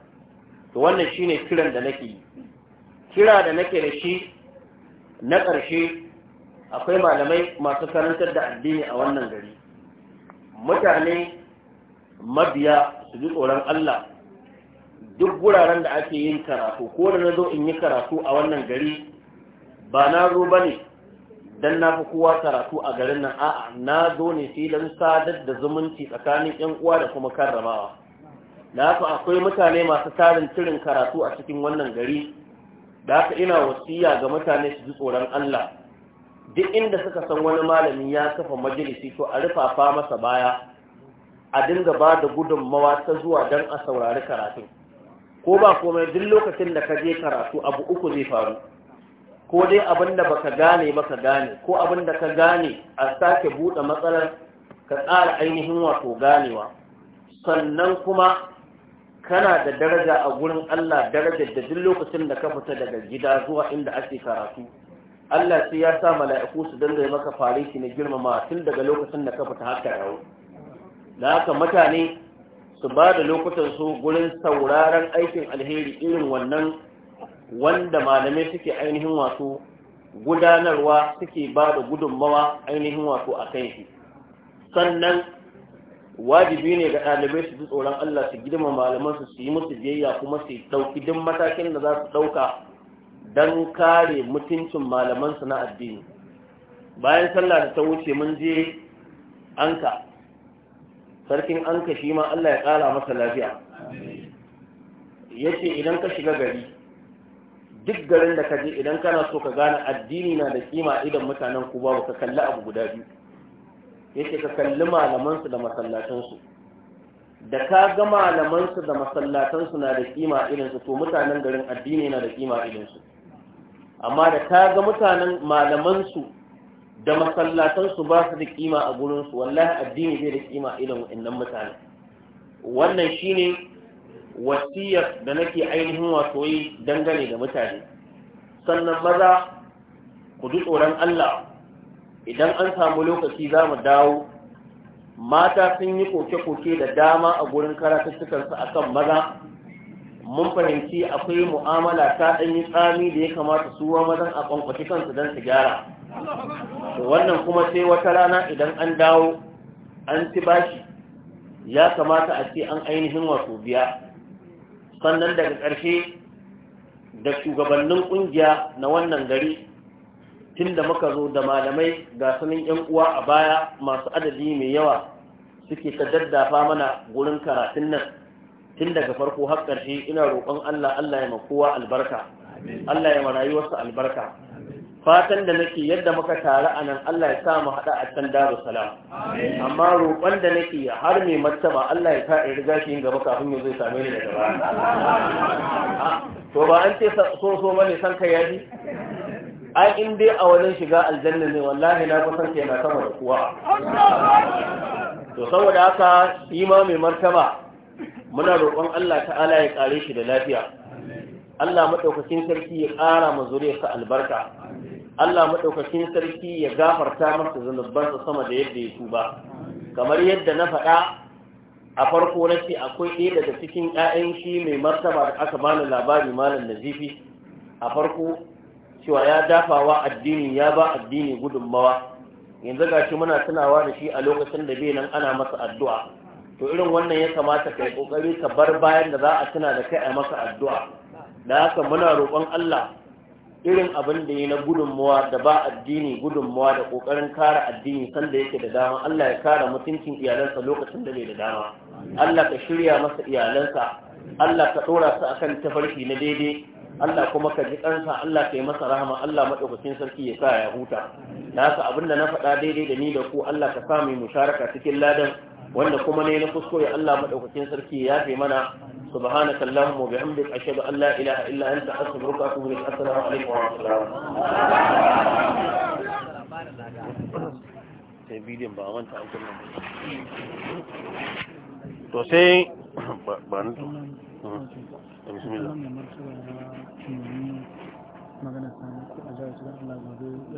Speaker 1: to wannan shine kiran da nake yi kira da nake da shi na ƙarshe akwai malamai masu karantar da addini a wannan gari mutane mabiya su ji tsoron Allah duk wuraren da ake yin karatu ko da na zo in yi karatu a wannan gari ba na zo ba ne don na fi kowa karatu a garin nan a'a na zo ne sai don sadar da zumunci tsakanin yan uwa da kuma karramawa na haka akwai mutane masu tarin cirin karatu a cikin wannan gari da haka ina wasiya ga mutane su ji tsoron Allah duk inda suka san wani malami ya kafa majalisi to a rufafa masa baya a dinga ba da gudunmawa ta zuwa don a saurari karatun ko ba komai duk lokacin da ka je karatu abu uku zai faru ko dai abin da baka gane baka gane ko abin da ka gane a sake buɗe matsalar ka tsara ainihin wato ganewa sannan kuma kana da daraja a gurin Allah darajar da duk lokacin da ka fita daga gida zuwa inda ake karatu Allah sai ya sa mala'iku su danga maka fariki na girmama tun daga lokacin da ka fita har ka dawo da haka mutane su ba da lokutan su gurin sauraron aikin alheri irin wannan wanda malamai suke ainihin wato gudanarwa suke ba da gudunmawa ainihin wato a kai sannan wajibi ne ga ɗalibai su ji tsoron Allah su girma malaman su yi musu biyayya kuma su ɗauki duk matakin da za su ɗauka don kare mutuncin malaman na addini bayan sallah da ta wuce mun je anka sarkin anka shi ma Allah ya ƙara masa lafiya yace idan ka shiga gari duk garin da ka je idan kana so ka gane addini na da kima idan mutanen ku ba ka kalli abu guda biyu yake ka kalli malamansu da masallatansu da ka ga malamansu da masallatansu na da kima irinsu to mutanen garin addini na da kima irinsu amma da ka ga mutanen malamansu da masallatansu ba su da kima a gurinsu wallahi addini zai da kima irin wannan mutane wannan shine wasiyar da nake ainihin wato yi dangane da mutane sannan maza ku ji tsoron Allah idan an samu lokaci za mu dawo mata sun yi koke-koke da dama a gurin karatuttukansu a kan maza mun fahimci akwai mu'amala ta ɗanyi tsami da ya kamata suwa mazan a ƙwanƙwaci kansu don su gyara
Speaker 2: wannan kuma
Speaker 1: sai wata rana idan an dawo an ci bashi ya kamata a ce an ainihin wato biya sannan daga ƙarshe da shugabannin ƙungiya na wannan gari tun da muka zo da malamai ga sanin yan uwa a baya masu adadi mai yawa suke ta daddafa mana gurin karatun nan tun daga farko har ina roƙon Allah Allah ya ma kowa albarka Allah ya ma rayuwarsa albarka fatan da nake yadda muka tare a nan Allah ya sa mu haɗa a can daru salam amma roƙon da nake har mai martaba Allah ya sa riga shi gaba kafin ya zo same ni daga baya to ba an ce so so bane san kai yaji ai in dai a wajen shiga aljanna ne wallahi na kusan ke na sama da kuwa to saboda haka shi ma mai martaba muna roƙon Allah ta'ala ya kare shi da lafiya Allah madaukakin sarki ya ƙara mu zuriyarsa albarka Allah madaukakin sarki ya gafarta masa zanubansa sama da yadda ya tuba kamar yadda na faɗa a farko na ce akwai ɗaya daga cikin 'ya'yan shi mai martaba da aka bani labari malam nazifi a farko cewa ya dafawa addini ya ba addini gudunmawa yanzu gashi muna tunawa da shi a lokacin da bai nan ana masa addu'a to irin wannan ya kamata kai kokari ka bar bayan da za a tuna da kai a masa addu'a da haka muna roƙon Allah irin abin da ya na gudunmawa da ba addini gudunmawa da kokarin kare addini sanda yake da dama Allah ya kare mutuncin iyalansa lokacin da bai da dama Allah ka shirya masa iyalansa Allah ka dora su akan tafarki na daidai Allah kuma ka ji kansa Allah ka yi masa rahama Allah madaukakin sarki ya sa ya huta da haka abinda na faɗa daidai da ni da ku Allah ka sami mu musharaka cikin ladan wanda kuma ne na kuskure Allah madaukakin sarki ya yafe mana subhanaka allahumma wa bihamdika ashhadu an la ilaha illa anta astaghfiruka wa atubu ilaik assalamu alaikum wa rahmatullahi bidiyon ba manta an kunna to sai ba ba bismillah shi ne magana sami ko a jihar Allah gobe